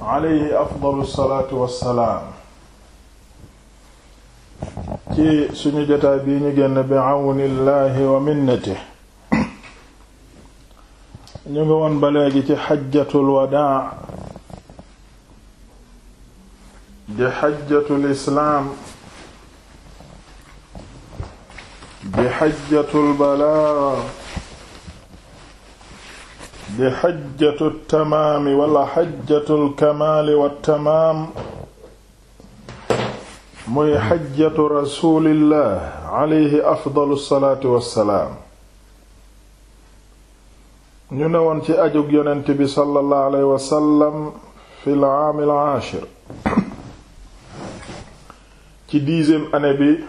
alayhi afdalu salaatu wassalaam ci suñu jotaay bii ñu génn bi àwnillaahi wa minnati ñu ngi woon ba léegi ci xajjatul wadaa di xajjatul islaam di xajjatul balaa di xajjatu tamaami wala xajjatul kamaali wa tamaam muy xajjatu rasulillah alayhi afdalu salaatu wassalaam ñu ne woon ci ajug yonent bi sallallahu alayhi wa sallam fi l aam ci dixième année bi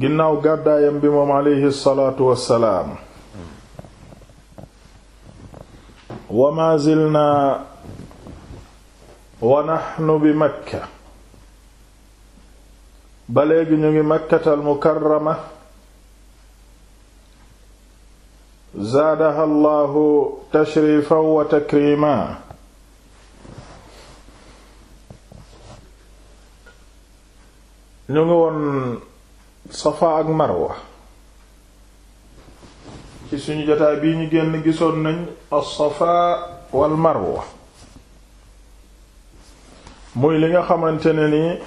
ginnaaw gàddaayam bi moom alayhi salaatu wassalaam wa ma zilna wa naxnu bi makka ba léegi ñu ngi makkata almukarrama zaadaha allahu tashrifan wa takrima ñu ngi woon safa ak marwa ci suñu jotaay bii ñu génn gisoon nañ as-Safa wal Marwa muy li nga xamante ne ni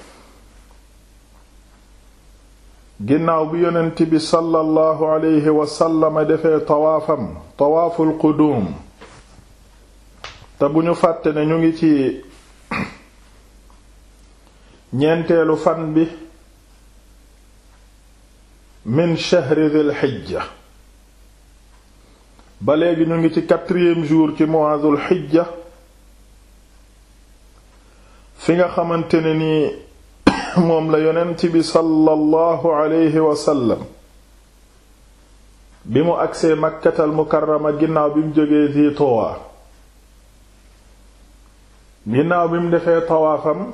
ginnaaw bi yonent bi sallallahu alayhi wasallama defee tawaafam tawaaful quduum te bu ñu fàtte ne ñu ngi ci ñeenteelu fan bi min shahri dhil hijja ba léegi ñu ngi ci quatrième jour ci mois dul xijja fi nga xamante nii moom la yonent bi sallallahu alayhi wasallam bi mu agsee makkatal mukarrama ginnaaw bi mu jógee ci Tuwa ginnaaw bi defee tawaafam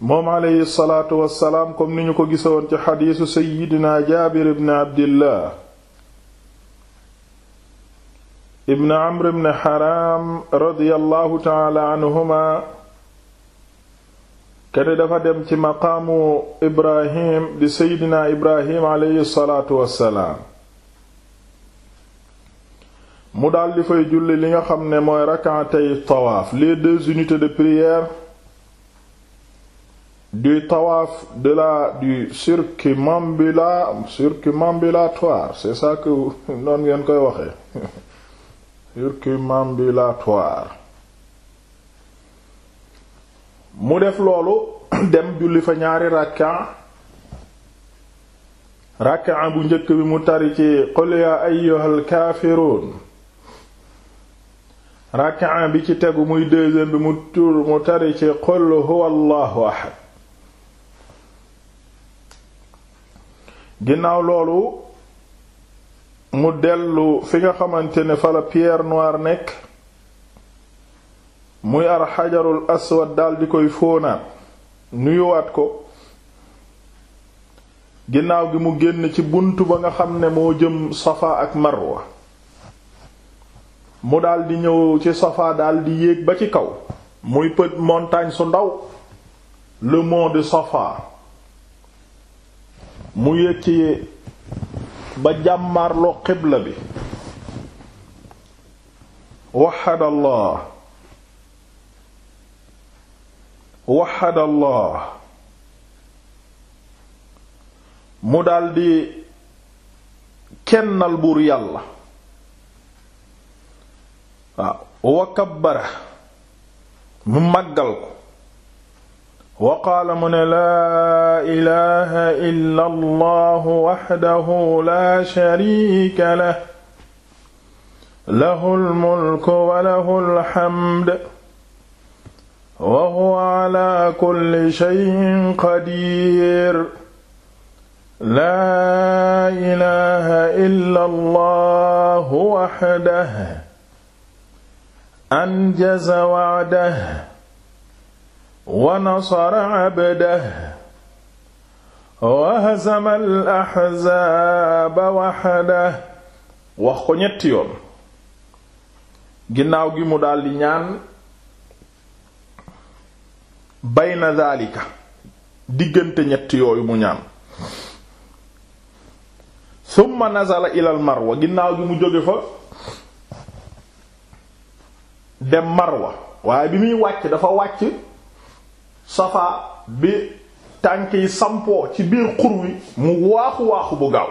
moom alayhi salaatu wassalaam comme niñu ko gisewoon ci xadiisu seyyidina jaabir ibn abdillah ibn amr ibn haram radiyallahu taala anhuma kene dafa dem ci maqaamu ibrahim di seydina ibrahim aleyhi salaatu wassalaam mu daldi fay julli li nga xam ne mooy rakaatay tawaaf les deux unités de prière du tawaaf de la du circumambula circumambulatoire c'est ça que noonu ngeen koy waxee circumambulatoire mu def loolu dem julli fa ñaari rakka rakka bu njëkk bi mu tari ci qul ya ayyuhal kaafiruun rakka bi ci tegu muy deuxième bi mu tur mu tari ci qul huwa allahu ahad ginnaaw loolu mu dellu fi nga xamante ne fa la pierre noire nekk muy ar xajarul aswad daldi koy fóonaat nuyuwaat ko ginnaaw gi mu génn ci bunt ba nga xam ne moo jëm safa ak marwa mu daldi ñëw ci safa daldi yéeg ba ci kaw muy pët montagne su ndaw le mont de safa mu yéeg ci ba jàmmaarloo xibla bi waxadallah waxadallah mu daldi kennal buur yàlla waaw wa kabbara mu màggal ko wa qaala mu ne laa ilaha illa allahu waxdahu la sharika lah lahu almulku wa lahu alxamd wa huwa ala kulli shay'in qadir laa ilaha illa allahu waxdahu anjaza wa'dahu wa nasara abdah al ahzaaba wahda wax ko ñetti yoon ginnaaw gi mu daldi ñaan bayna daalika diggante ñetti yooyu mu ñaan summa nazala ilal marwa ginnaaw gi mu jóge fa dem marwa waaye bi muy wàcc dafa wàcc safa bi tànk yi sampoo ci biir xur wi mu waaxu waaxu bu gaaw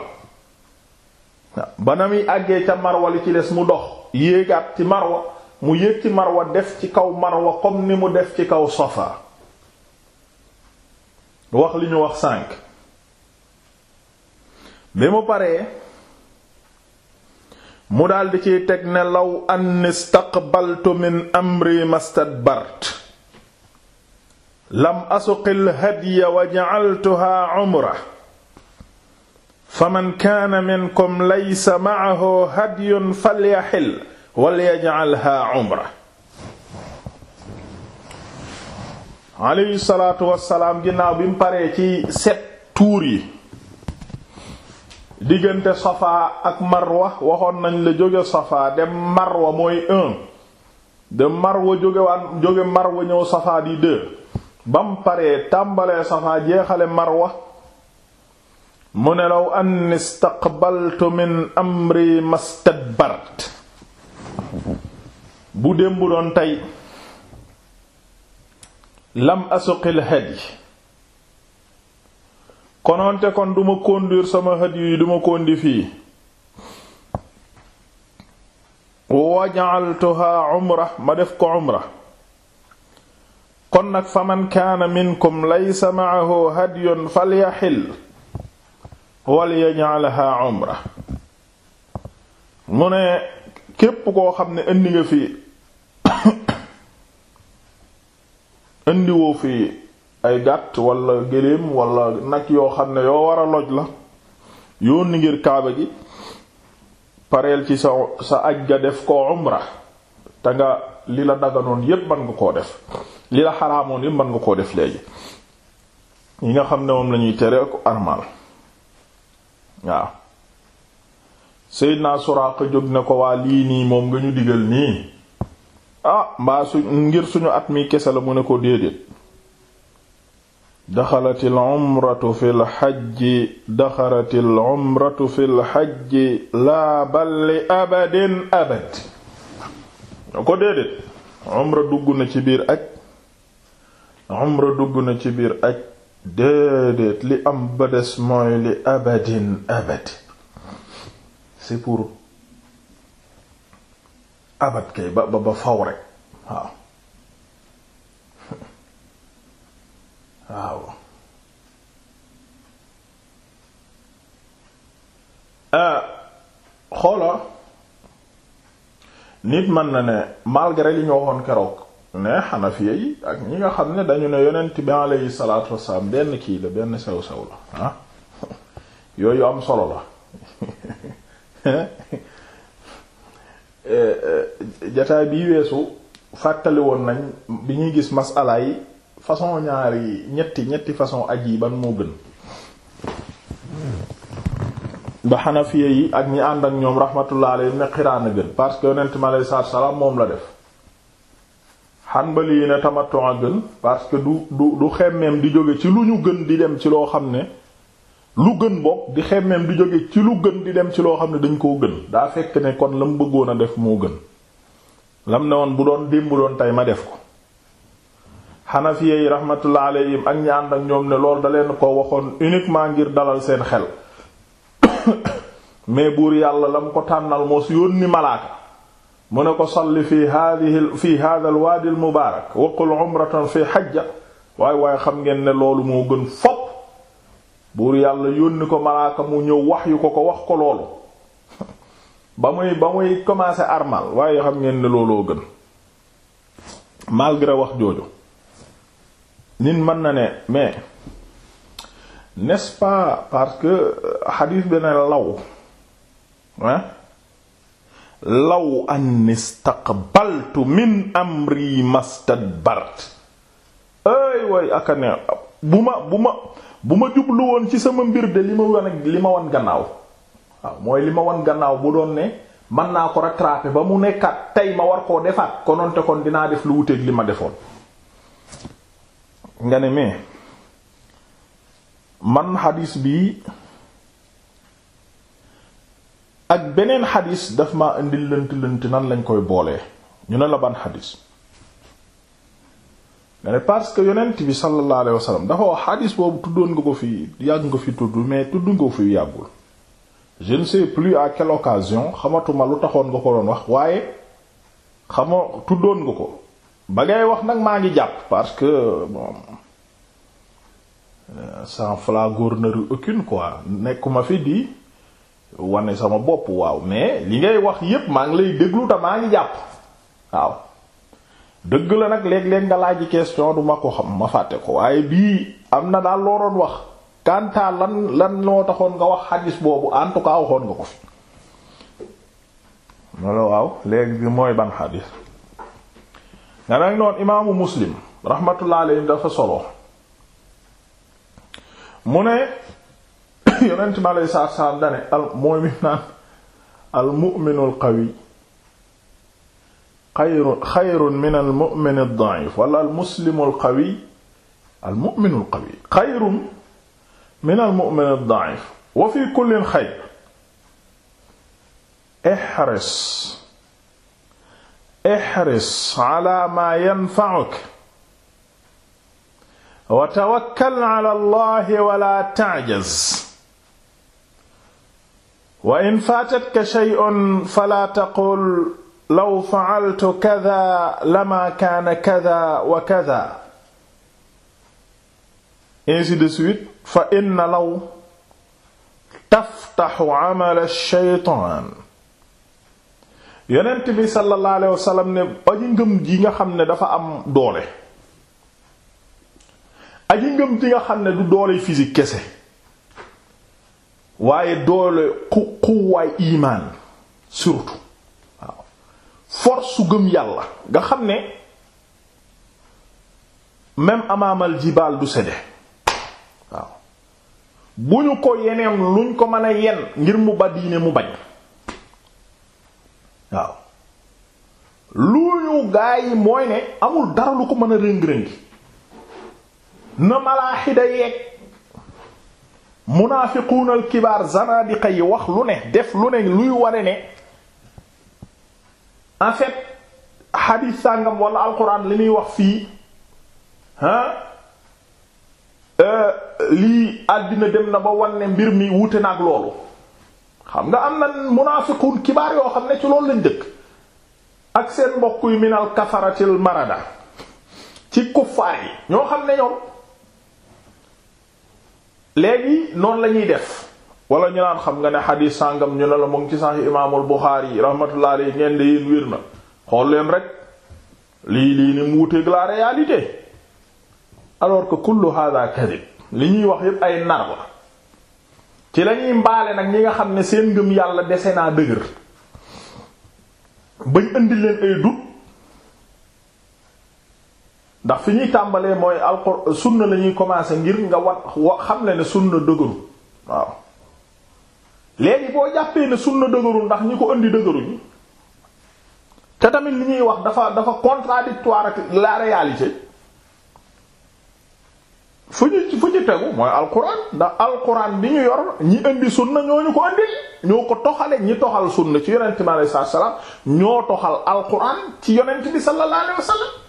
ba na muy àggee ca marwa li ci des mu dox yéegaat ci marwa mu yéeg ci marwa def ci kaw marwa comme ni mu def ci kaw safa wax li ñu wax sànq bi mu paree mu daldi ciy teg ne law an istaqbaltu min amri bart lam asuqil hadiya wa ja'altuha umra faman kaana minkum laysa ma'ahu hadyun falyaxil walyaj'alha umra aleyhi salaatu wassalaam ginnaaw bi mu paree ci set tuur yi diggante Safa ak Marwa waxoon nañ la jóge Safa dem Marwa mooy un de Marwa jóge waan jóge Marwa ñëw Safa di deux bam paree tàmbalee safaa jeexale marwa mu ne law an istaqbaltu min amri mastadbart bu démb doon tey lam asuqil hadi konoonte kon duma conduire sama hadi yi duma kondi fii waja'altuha umra ma def ko umra kon nag faman kaana minkum laysa ma'ahu hadyun falyaxil walyaj'alha umra mu ne képp koo xam ne indi nga fi indiwoo fi ay gàtt wala gëléem wala nag yoo xam ne yoo wara a loj la yónni ngir kaaba gi pareel ci sa sa aj ga def ko umra te nga li la daganoon yépp ban nga koo def li la xaraamoon yëpp mën nga koo def léegi yi nga xam ne moom lañuy tere ak armal waaw Seydina Suraaqa jóg ne ko waa lii nii moom nga digal nii ah mbaa su ngir suñu at mi kese la mu ne ko déedéet daxalatil umratu fil xajji daxalatil umratu fil xajji laa balli abadin abad ñoo ko déedéet umra dugg na ci biir ak umra dugg na ci biir aj li am ba des rek waaw waaw euh, nit mën na ne malgré li ñu waxoon keroog ne xanafiya yi ak ñi nga xam ne dañu ne yonent bi alayhi salaatu wasalaam benn kii la benn sew sew la ah. yooyu am solo la eh, eh, jataay bii weesu fàttali woon nañ bi ñuy gis masala yi façon ñaari ñetti ñetti façon aj yi ban moo gën ba xanafiya yi ak ñi ànd ak ñoom rahmatullah alayhi ne xiraan a gën parce que yonent mi alayhi salaatu moom la def Hanbali yi ne tamattu a gën parce que du du du xemmeem di jóge ci lu ñu gën di dem ci loo xam ne lu gën bokk di xemmeem di jóge ci lu gën di dem ci loo xam ne dañ koo gën daa fekk ne kon lam bëggoon a def moo gën lam ne woon bu doon démb doon tey ma def ko Hanafiya yi rahmatullah yi ak ñi ñoom ne loolu da leen ko waxoon uniquement ngir dalal seen xel mais buur yàlla lam ko tànnal moo si yónni malaaka mu ne ko salli fi hadihi fi hada al waadi al mubaarak waqul umratan fi xajja waay waaye xam ngeen ne loolu moo gën fopp buur yàlla yónni ko malaaka mu ñëw wax yu ko ko wax ko loolu ba muy ba muy commencé armal waaye xam ngeen ne looloo gën malgré wax jooju nit mën na ne mais n'est-ce pas parce que xadiis euh, bi law hein law an istaqbaltu min amri mastadbart ay way aka bu ma bu ma bu ma jublu woon ci sama mbir de li ma wan li ma wan gannaaw mooy li ma wan gannaaw bu doon ne mën naa ko rattraper ba mu nekkaat tey ma war koo defaat kononte kon dinaa def lu wuteeg li ma defoon nga ne mais man xadiis bi ak beneen xadis daf ma indi lënt lënt nan lañ koy boolee ñu ne la ban xadis mais parce que yonent bi sallallahu alayhi wa sallam dafa wax xadis boobu tuddoon nga ko fi yàgg nga fi tudd mais tudd nga ko fi yàggul je ne sais plus à quelle occasion xamatuma lu taxoon nga ko doon wax waaye xama tuddoon nga ko ba ngay wax nag maa ngi jàpp parce que bon sans euh, flagour aucune quoi nekkuma fi di. wane sama bopp waaw mais li ngay wax yépp maa ngi lay déglu te maa ngi jàpp waaw dëgg la nag léeg-léeg nga laaj question du ma ko xam ma fàtte ko waaye bii am na daal loo doon wax kanta lan loo taxoon nga wax xadis boobu en tout cas waxoon nga ko fi mala waaw léegi bi mooy ban xadis nga nag noonu imaamu muslim rahmatullah alayhi dafa solo mu ne yonent mi aleyhi salaatu salaam dane al mooy mi naan al mu'minul qawi xayrun xayrun min al mu'min ad da'if wala al muslimul qawi al mu'minul qawi xayrun min al mu'min ad da'if wa fi kullin xayr ihris ihris ala ma yanfa'uk wa tawakkal ala Allah wa la ta'jaz wa in faatatka shay'un fala taqul law fa'altu kadha lama kaana kadha wa kadha ainsi de suite fa inna law taftaxu amal ash aji ngëm ji nga xam ne dafa am doole aji ngëm ji nga xam ne du doole physique kese waaye doole ku quwaay imaan surtout waaw force su gëm yàlla nga xam ne même amaamal jibaal du sede waaw bu ñu ko yeneen luñ ko mën a yen ngir mu ba diine mu bañ waaw lu ñu gaa yi mooy ne amul dara lu ko mën a rëng-rëngi na malaaxida yeeg munaafiquun al kibaar zanadiqa yi wax lu ne def lu ne luy ware ne en fait xadiis sàngam wala alquran li muy wax fii euh, lii àddina dem na ba wan ne mbir mi wute naa ak loolu xam nga am na munaafiquun kibaar yoo xam ne ci loolu lañ dëkk ak seen mbokk yu minal kafaratil marada ci kuffaar yi ñoo xam ne ñoom léegi noonu la ñuy def wala ñu naan xam nga ne xadiis sàngam ñu ne la mu ngi ci sànq imaamul Buxaari rahmatullah alayhi ngeen di yéen wér na xool leen rek lii lii ni mu wuteeg la réalité alors que kullu hada kadib li ñuy wax yépp ay nar la ci la mbaale nag ñi nga xam ne seen ngëm yàlla dese naa dëgër bañ indi leen ay dut ndax fi ñuy tàmbalee mooy alxuraan sunna la ñuy commencer ngir nga wa xam le ne sunna dëgëru waaw léegi boo jàppee ne sunna dëgëru ndax ñi ko indi dëgëruñu te tamit li ñuy wax dafa dafa contradictoire ak la réalité fu ñu fu ñu tegu mooy alxuraan ndax alxuraan bi ñu yor ñi indi sunna ñoo ñu ko indi ñoo ko toxale ñi toxal sunna ci yonent bi sallallahu alayhi ñoo toxal alxuraan ci yonent bi sallallahu alayhi wasallam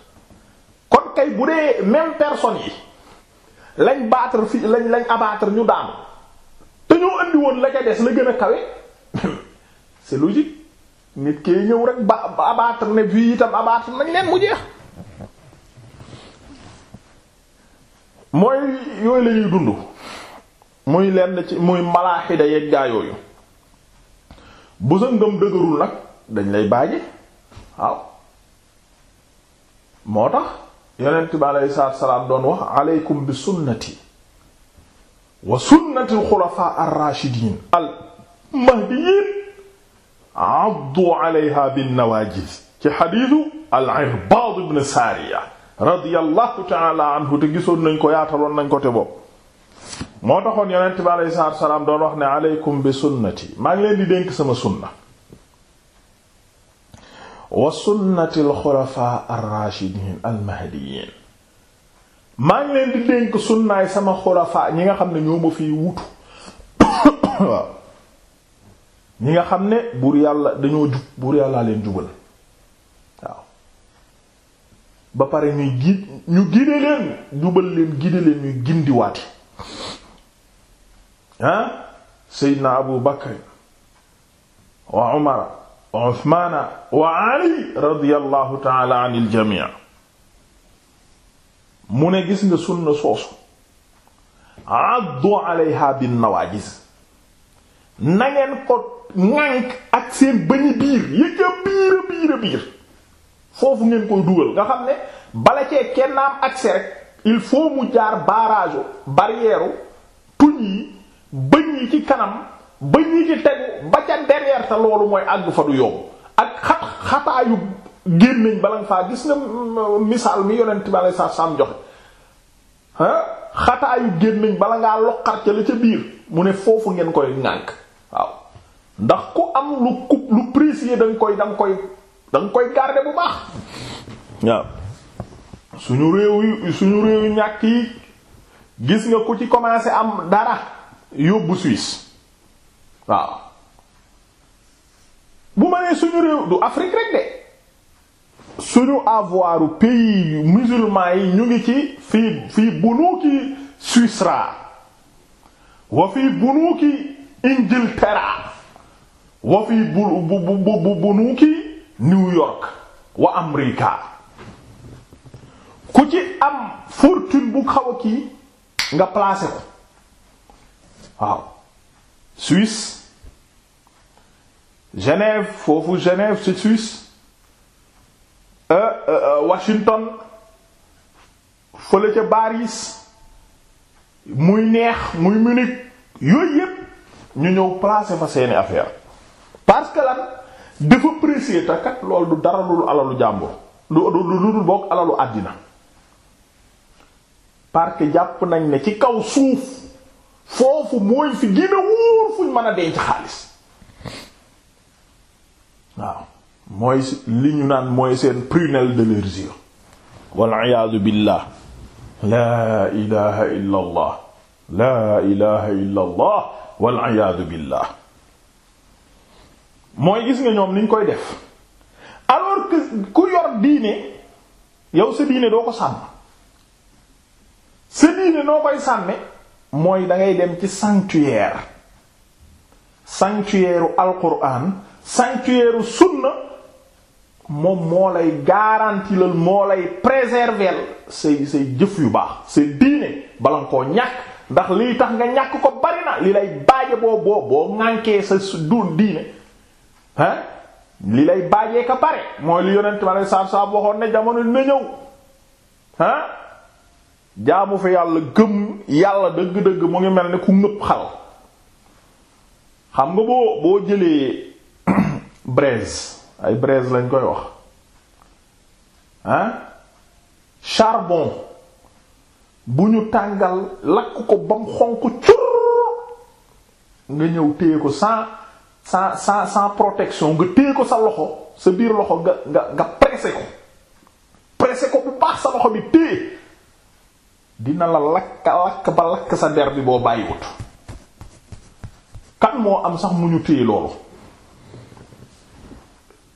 kay bu dee même personne yi lañ battre fi lañ lañ abattre ñu daanu te ñoo andi woon la ca des la gën a kawe c'est logique nit kee ñëw rek ba abattre ne fii itam abattre nañ leen mu jeex mooy yooyu la ñuy dund muy lenn ci muy malaaxida yeeg yooyu bu sa ngëm dëgërul nag dañ lay baaje waaw moo tax yonent bi aleyhi salaatu wa salaam doon wax aleykum bi sunnati wa sunnati al-xulafaa ar-raashidiin al-mahdiyyiin addu aleyha bin-nawaajiz ci xadiisu al-Irbaad ibn Saariya radiyallahu ta'ala anhu te gisoon nañ ko yaataloon nañ ko te bopp moo taxoon yonent bi aleyhi salaatu wa salaam doon wax ne aleykum bi sunnati maa ngi leen di dénk sama sunna wa sunnati alxulafaa alraashidin almahdiyin maa ngi leen di dénk sunnaay sama xulafaa ñi nga xam ne ñoo ma fiy wutu waaw ñi nga xam ne buur yàlla dañoo jub buur yàllaa leen jubal waaw ba pare ñuy gi ñu gide leen jubal leen gide leen ñuy gindiwaati ah seydna abu bakar wa umara Usmaana wa Ali radiyallahu taala anil jamii mu ne gis nga sunna soosu addu alayha bin nawaajis na ngeen ko ŋànk ak seen bëñi biir yëga a biir a biir foofu ngeen koy dugal nga xam ne bala cee kenn am accès rek il faut mu jaar barrage barrière tuñ yi bëñ yi ci kanam ba ñi ci tegu ba ca derrière te loolu mooy àgg fa du yomb ak xat xataayu génnañ bala nga faa gis nga misaal mi yonent bi alei satu salaam joxe xataayu génnañ bala ngaa loqar ca la ca biir mu ne foofu ngeen koy ŋànk waaw ndax ku am lu coup lu précieux da nga koy da koy da bu baax waaw suñu réew yi suñu réew yu ñàkk yi gis nga ko ci commencé am dara yóbbu Suisse waaw bu ma nee suñu réew du Afrique rek de suñu avoiru pays musulman yi ñu ngi ci fii fii bunuuki Suisse wa fii bunuuki Ingilterra wa fii bu bu bunuuki New York wa Amerika ku ci am fortune bu xaw a nga placé ko waaw Suisse Genève foofu Genève c'est Suisse euh, euh, euh, Washington fële ca Paris muy neex muy Munich yooyu yépp ñu ñëw placer fa seeni affaire parce que lan dafa pressé te kat loolu du dara lu alalu jàmbur lu lu dul bokk alalu àddina parce jàpp nañ ne ci kaw suuf foofu mooy fi gën wóor fuñ mën a denc xaalis waaw mooy li ñu naan mooy seen prunelle de leurs yeux wal iyaadu billah laa ilaha illa laa ilaha illa wal iyaadu billah mooy gis nga ñoom niñ koy def alors que ku yor diine yow sa diine doo ko sàmm sa diine noo koy sàmme mooy dangay dem ci sanctuaire sanctuaire alquran sanctuaire sunna moom moo lay garantilal moo lay préserver say say jëf yu baax say diine bala nga koo ñàkk ndax lii tax nga ñàkk ko bari na li lay baaje boo boo boo sa du diine ah li lay baajee ka bare mooy li yonent ma lay saab saab waxoon ne jamono dina ñëw jaamu fi yàlla gëm yàlla dëgg-dëgg mu ngi mel ni ku ngëpp xal xam nga boo boo jëlee braise ay braise lañ koy wax ah charbon bu ñu tàngal lakk ko bam xonq cur nga ñëw téye ko sans sans sans sans protection nga téye ko sa loxo sa biir loxo nga nga nga ko pressé ko bu baax sa loxo bi téye dina la lakka lakk ba lakk sa der bi boo bàyyiwut kan moo am sax mu ñu téye loolu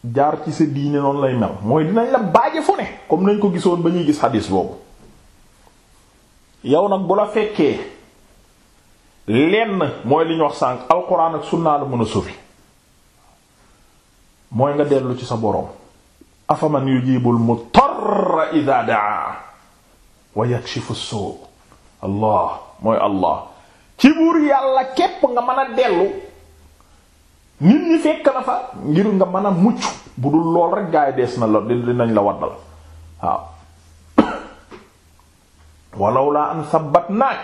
jaar ci sa diine noonu lay mel mooy dinañ la baaje fu ne comme nañ ko gisoon ba ñuy gis xadiis boobu yow nag bu la fekkee lenn mooy li wax sànq alxuraan ak sunnaa la mën a sufi mooy nga dellu ci sa boroom afaman yujibul mutarra idha daa waa yakshifu suu allah mooy allah ci buur yàlla képp nga mën a dellu nit ñi fekk na ngir nga mën a mucc bu dul lool rek gaay dees na la dinañ la waddal waaw walaw laa an sabbatnaak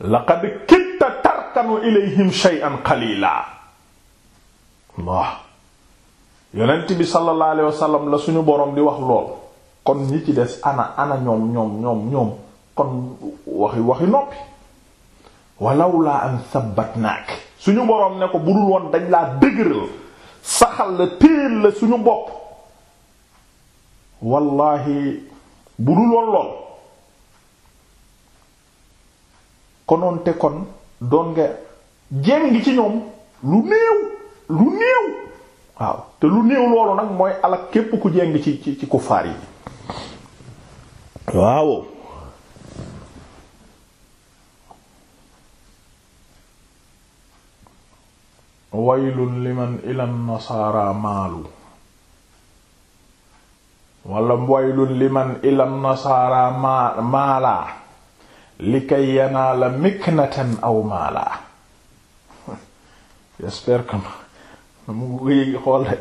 laqad kitta tarkanu ilayhim shay'an qalila waaw yonent bi sallallahu alayhi wasallam la suñu borom di wax lool kon ñi ci des ana ana ñoom ñoom ñoom ñoom kon waxi waxi noppi walaw laa am sabbat suñu boroom ne ko bu dul woon dañ laa dëgëral saxal la téel la suñu bopp wallahi bu dul woon lool konoon te kon doon nga jéng ci ñoom lu néew lu néew waaw te lu néew loolu nag mooy alak képp ku jéng ci ci ci kuffaar yi waaw waylun liman ilan nasaara maalu wala waylun liman ilan nasaara maalaa likay yanaala miknatan aw maalaa j'espère que mu ngi xool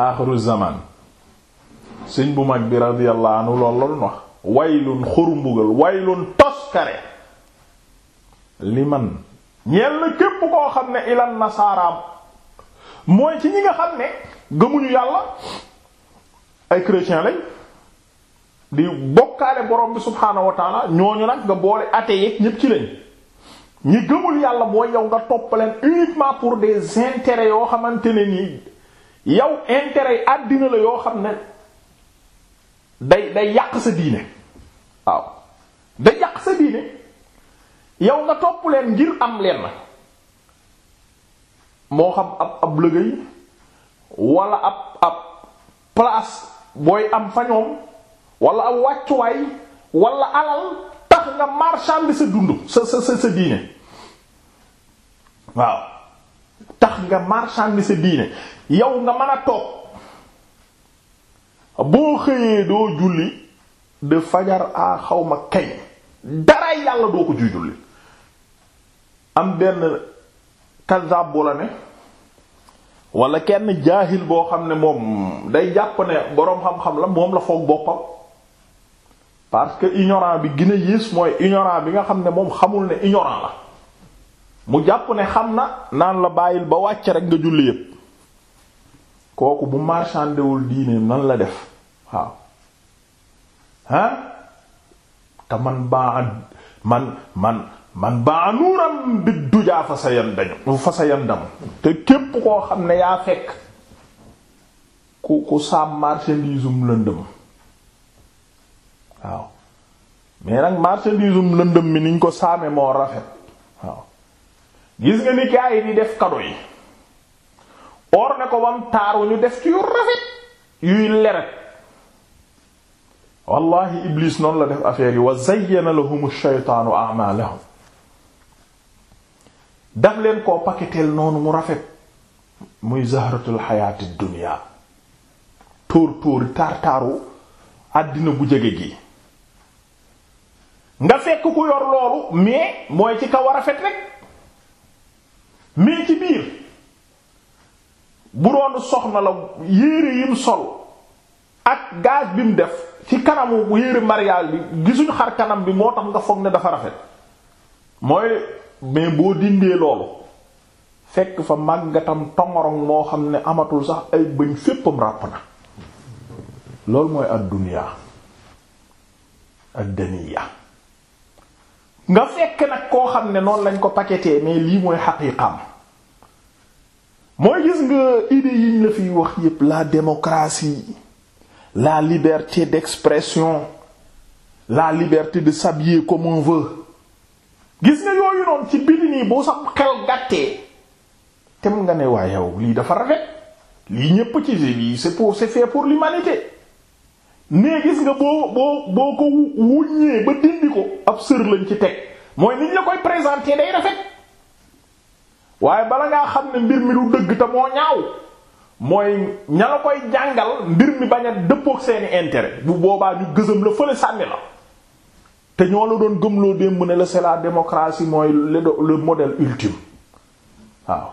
aaxiru zaman sëñ bu mag bi radiyallahu anhu lool la doon wax waylun xuru mbugal waylun toskare li man ñeel na képp koo xam ne ilan nasaaraam mooy ci ñi nga xam ne gëmuñu yàlla ay chrétien lañ di bokkaale borom bi subhaanahu wa ñooñu nag nga boole athée ñépp ci lañ ñi gëmul yàlla mooy yow nga topp leen uniquement pour des intérêts yoo xamante ne nii yow intérêts yi àddina la yoo xam ne day day yàq sa diine waaw day yàq sa diine yow nga topp leen ngir am leen na moo xam ab ab liggéey wala ab ab place booy am fa walla wala ab wàccuwaay wala alal tax nga marchander sa dund sa sa sa diine waaw tax nga marchander sa diine yow nga mën a toog. boo xëyee doo julli de fajar a xawma kañ dara yàlla doo ko juy julli am benn kazab bu la ne wala kenn jaahil boo xam ne moom day jàpp ne boroom xam-xam la moom la foog boppam parce que ignorant bi gën a mooy ignorant bi nga xam ne moom xamul ne ignorant la mu jàpp ne xam na naan la bàyyil ba wàcc rek nga julli yépp kooku bu marchandewul diineem man la def waaw ah te man baa man man man baa nuuram bi dujaa fa sa yan dañu fa sa yan dam te képp koo xam ne yaa fekk ku ku saam marchandisum lëndëm waaw mais nag marchandisum lëndëm mi niñ ko saame moo rafet waaw gis nga ni gaa di def kado yi or ne ko wam taaru ñu def ci yu rafet yuy leret wallahi iblis noonu la def affaire yi wa la lahum ash-shaytaanu a'maalahum daf leen koo paketeel noonu mu rafet muy zahratul xayaati dunya tóor tóori taar taaru àddina bu jege gi nga fekk ku yor loolu mais mooy ci kaw a rafet rek mais ci biir bu doon soxna la yére yim sol ak gaz bi mu def ci kanamu yére mariage bi gisuñu xar kanam bi moo tax nga foog ne dafa rafet mooy mais boo dindee loolu fekk fa màggatam tongorong moo xam ne amatul sax ay bëñ féppam ràpp na loolu mooy ak dunya ad-daniya nga fekk nag koo xam ne noonu lañ ko paqueté mais lii mooy xaqiiqaam mooy gis nga idées yiñ la fiy wax yépp la démocratie la liberté d'expression la liberté de s'habiller comme on veut gis nga yooyu noonu ci biti nii boo sax xel gàttee te mu nga ne waa yow lii dafa rafet lii ñépp ci lii c'est pour c'est fait pour l'humanité mais gis nga boo boo boo ko wuññee ba dindi ko ab sër lañ ci teg mooy niñ la koy présenter day rafet waaye bala ngaa xam ne mbir mi du dëgg te moo ñaaw mooy ña la koy jàngal mbir mi bañ a dëppook seeni intérêt bu boobaa ñu gësam la fële sànni la te ñoo la doon gëmloo démb ne la c'est la démocratie mooy le modèle ultime waaw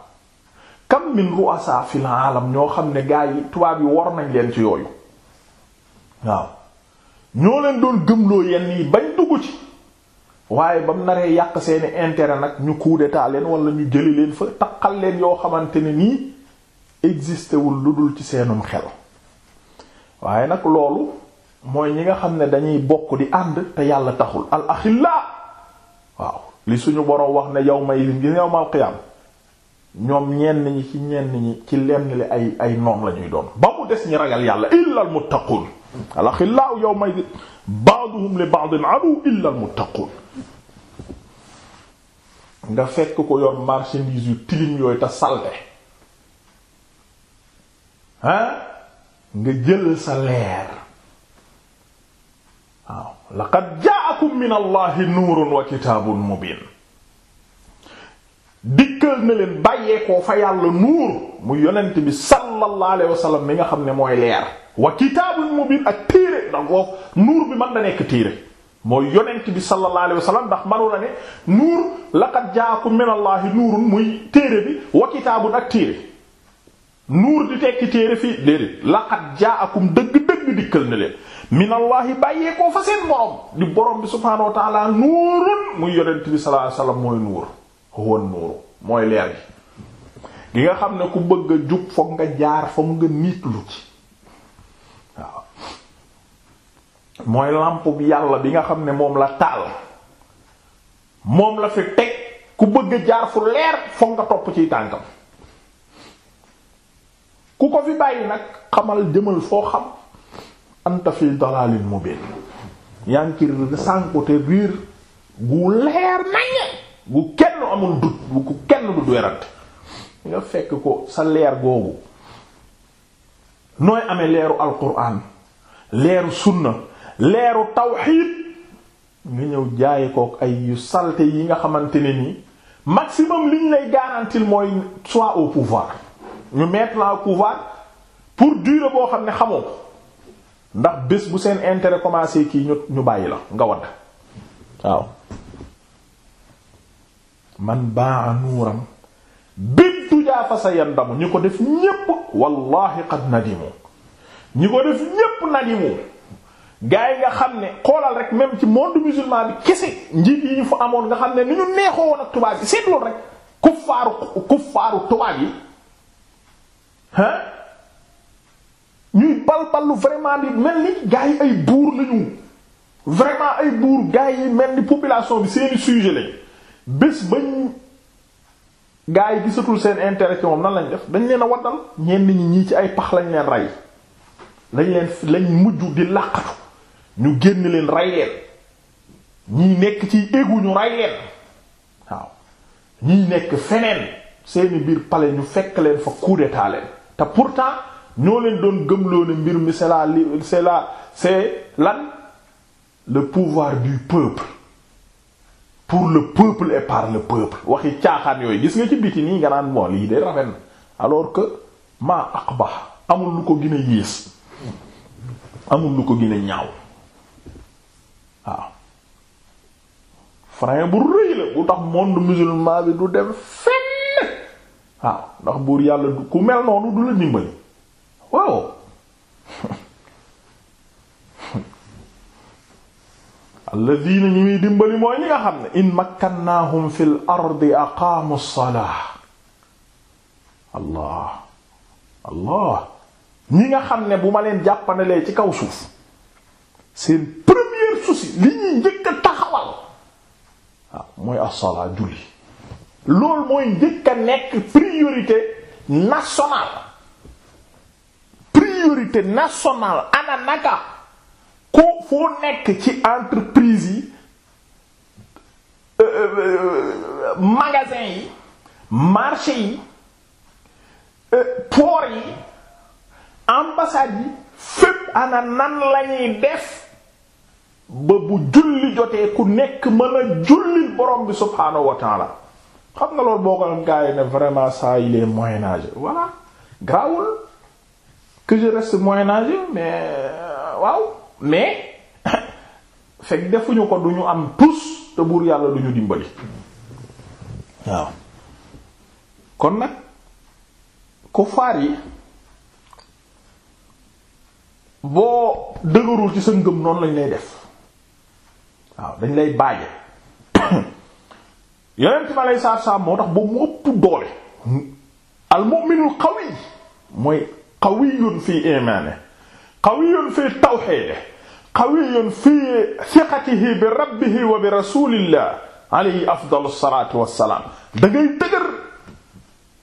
kam min ru'asa fil alam ñoo xam ne gaa yi tubaab yi war nañ leen ci yooyu waaw ñoo leen doon gëmloo yenn yi bañ dugg ci waaye ba mu naree yàq seeni intérêt nag ñu coup d'état leen wala ñu jëli leen fa taqal leen yoo xamante ne nii existé wul lu dul ci seenum xel waaye nag loolu mooy ñi nga xam ne dañuy bokk di ànd te yàlla taxul al axillaa waaw li suñu boroom wax ne yow may gis yow mal xiyaam ñoom ñenn ñi ci ñenn ñi ci lenn ay ay noon la ñuy doon ba mu des ñi ragal yàlla illa mu muttaqun al axillaa yow may ba'duhum li ba'din adu illa al muttaqun nga fekk ko yoon marchandise yu tilim yooyu te salte ah nga jël sa leer waaw laqad ja'akum min allahi nuurun wa kitaabun mubin dikkal na leen bàyyeekoo fa yàlla nuur mu yonent bi sallallahu alayhi wa sallam mi nga xam ne mooy leer wa kitaabun mubin ak téere ndax foofu nuur bi mën na nekk téere mooy yonent bi sallallahu alayhi wa sallam ndax manu la ne nuur laqad jaakum minallahi nuurun muy téere bi wa kitaabun ak téere nuur di tekki téere fii déedéet laqad jaakum dëgg-dëgg dikkal na leen minallahi bàyyee fa seen borom di borom bi subhaanahu wa ta'ala nuurun muy yonent bi sallallahu alayhi mooy nuur huwa nuuru mooy leer gi gi nga xam ne ku bëgg a jub fokk nga jaar fa mu nga niitlu ci waaw mooy làmpu yàlla bi nga xam ne moom la taal moom la fi teg ku bëgg jaar fu leer foog nga topp ciy tànkam ku ko fi bàyyi nag xamal jëmal foo xam anta fi dalalin mubin yaa ngi ci sànku te riir gu leer naññe gu kenn amul dut gu kenn du werante nga fekk ko sa leer googu nooy ame leeru alquran leeru sunna leeru tawxiid nga ñëw jaayi kook ay yu salte yi nga xamante ne nii maximum liñ lay garantir mooy soit au pouvoir ñu meet la au pouvoir pour durer boo xam ne xamoo ko ndax bés bu seen intérêt commencé kii ñu ñu bàyyi la nga wadd waaw man baa nuuram bittu jaafa sa yandamu ñi ko def ñépp wallahi qad nadimu ñi ko def ñépp nadimu gaa yi nga xam ne xoolal rek même ci monde musulman bi kese njiit yi ñu fa amoon nga xam ne ni ñu neexoo woon ak tubaab yi seetlu rek kuffaaru kuffaaru tubaab yi ah ñuy lu vraiment di mel ni gaa yi ay buur lañu vraiment ay buur gaa yi mel ni population bi seeni sujet lañ bés bañ gaa yi gisatul seen intérêt ci moom nan lañ def dañ leen a ñeen ñenn ñi ñii ci ay pax lañ leen rey lañ leen lañ mujj di làqatu ñu génn leen rey leen ñii nekk ci égu ñu rey waaw ñii nekk feneen seeni biir pale ñu fekk leen fa coup d'état leen te pourtant ñoo leen doon gëmloo ne mbir mi c'est la c'est la c'est lan le pouvoir du peuple pour le peuple et par le peuple waxi caaxaan yooyu gis nga ci biti nii nga naan moo lii de rafet na alors que maa aqbah amul lu ko gën a yées amul lu ko gën ñaaw waaw frein bu rëy la bu tax monde musulman bi du dem fenn waaw ndax buur yàlla ku mel noonu du la dimbali waaw alladina ñu nga xam ne in makkannahum fi ardi aqaamu salaa allah allah ñi nga xam ne bu ma leen jàppandalee ci kaw suuf seen dellu si li ñuy njëkk taxawal ah, mooy as-salaa julli loolu mooy njëkk a nekk priorité nationale priorité nationale ana naka ko foo nekk ci entreprise yi euh, euh, euh, magasin yi marché yi port yi ambassade yi fépp ana nan lañuy def ba bu julli jotee ku nekk mën a julli borom bi subhaanahu wa taala xam nga lool boo ko gaay ne vraiment ça il est moyen âge voilà grawul que je reste moyen âge mais euh, waaw mais fekk defuñu ko duñu am tous te buur yàlla duñu dimbali waaw kon nag kufaar yi boo dëgërul ci sa ngëm noonu lañ lay def waaw dañ lay baaje yonent bi aleyhi salaatu salaam moo tax ba mu ëpp doole al mu'minul qawiy mooy qawiyun fi imaanihi qawiyun fi tawhiidihi qawiyun fi thiqatihi bi rabbihi wa bi rasuulillah alayhi afdalu salaatu wassalaam da ngay dëgër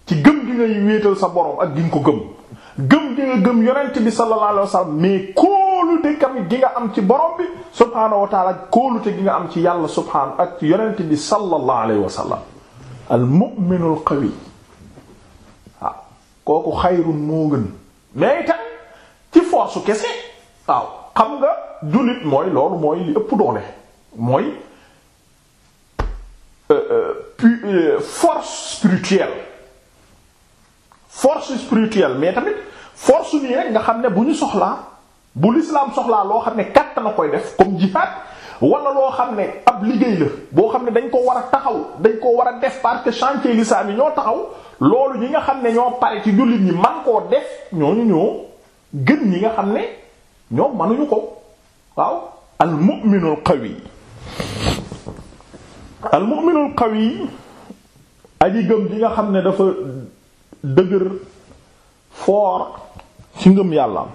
ci gëm gi ngay wéetal sa borom ak gi nga ko gëm gëm gi gëm yonent bi sallallahu alayhi wasallam mais kóolute kam gi nga am ci borom bi subhaanahu wa taala kóolute gi nga am ci yàlla subhaanahu ak ci yonent bi sallallahu alayhi wasallam al mu'minu al qawi waaw kooku xayrun moo gën mais itam ci force kese waaw xam nga jullit mooy loolu mooy li ëpp doole mooy euh, euh, euh, force spirituelle force spirituelle mais tamit force nii rek nga xam ne bu ñu soxlaa bu lislaam soxlaa loo xam ne kàtt na koy def comme jihad wala loo xam ne ab liggéey la boo xam ne dañ ko war a taxaw dañ ko war a def parce que chantier l'islam yi ñoo taxaw loolu ñi nga xam ne ñoo pare ci jullit ñi man koo def ñooñu ñëw gën ñi nga xam ne ñoom manuñu ko waaw al mu'minul qawi al mu'minul yi aji gëm ji nga xam ne dafa dëgër foor ci ngëm yàllaam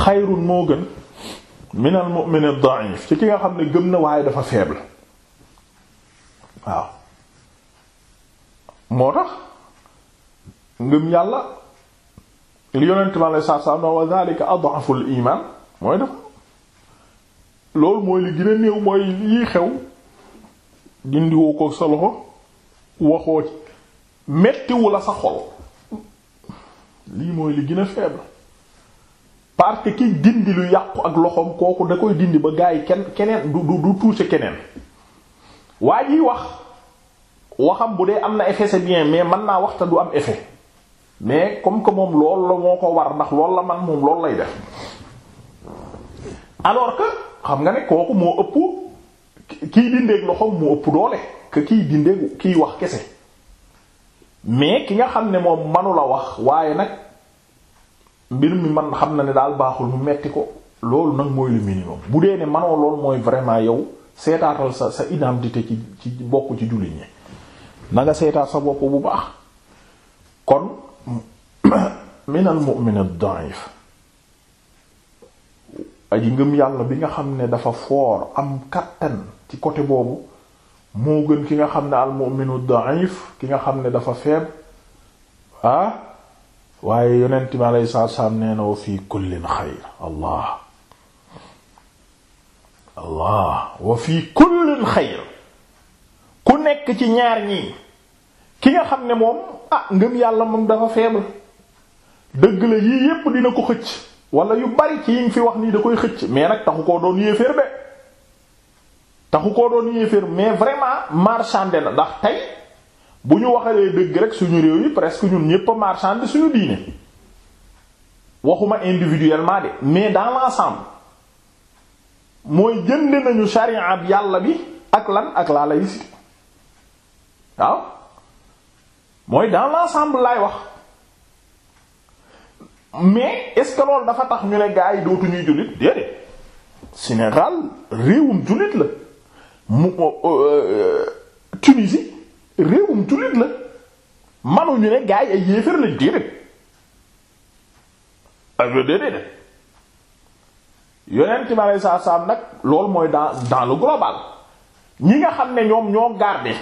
xayrun moo gën minal mu'min da'if ci ki nga xam ne gëm na waaye dafa faible waaw moo tax ngëm yàlla li yonent ma lay saa saa wa zalika mooy dafa loolu mooy li gën a néew mooy lii xew dindiwoo ko sa loxo waxoo ci mettiwu la sa xol lii mooy li gën a faible parce que ki dindi lu yàqu ak loxoom kooku da koy dindi ba gaa yi kenn keneen du du du keneen waa jiy wax waxam bu dee am na effet c'est bien mais mën naa waxta du am effet mais comme que moom loolu la moo ko war ndax loolu la man moom loolu lay def alors que xam nga ne kooku moo ëpp kiy dindeeg loxoom moo ëpp doole que kiy dindeeg kiy wax kese. mais ki nga xam ne moom manula wax waaye nag mbir mi man xam na ne daal baaxul mu metti ko loolu nag mooy le minimum bu dee ne manoo lool mooy vraiment yow seetaatal sa sa identité ci ci bokk ci jullit ñi na seetaat sa bokk bu baax kon min al mu'min ad da'if aji ngëm yàlla bi nga xam ne dafa foor am kàttan ci côté boobu moo gën ki nga xam ne almuminu daif ki nga xam ne dafa feeb ah waaye yonent bi alayhi salaatu salaam nee na wa fi kullin xayr allah allah wa fi kullin xayr ku nekk ci ñaar ñii ki nga xam ne moom ah ngëm yàlla moom dafa feebal dëgg la yii yépp dina ko xëcc walla yu bari ci yi nga fi wax nii da koy xëcc mais nag taxu koo doon yéeféer de taxu koo doon yéeféer mais vraiment marchandé la ndax tey bu ñu waxalee dëgg rek suñu réew yi presque ñun ñépp a marchandé suñu diine waxuma individuellement de mais dans l'ensemble mooy jënd nañu charia bi yàlla bi ak lan ak la laïcité waaw mooy dans l'ensemble lay wax mais est dafa tax ñu ne gaa yi dootuñuy jullit déedéet Sénégal réewum jullit la mu euh, euh, Tunisie réewum jullit la manuñu ne gaa yi ay yéefar lañ déedéet ay déedéet yonent bi aleyhi salaatu salaam nag loolu mooy dans dans le global ñi nga xam ne ñoom ñoo garde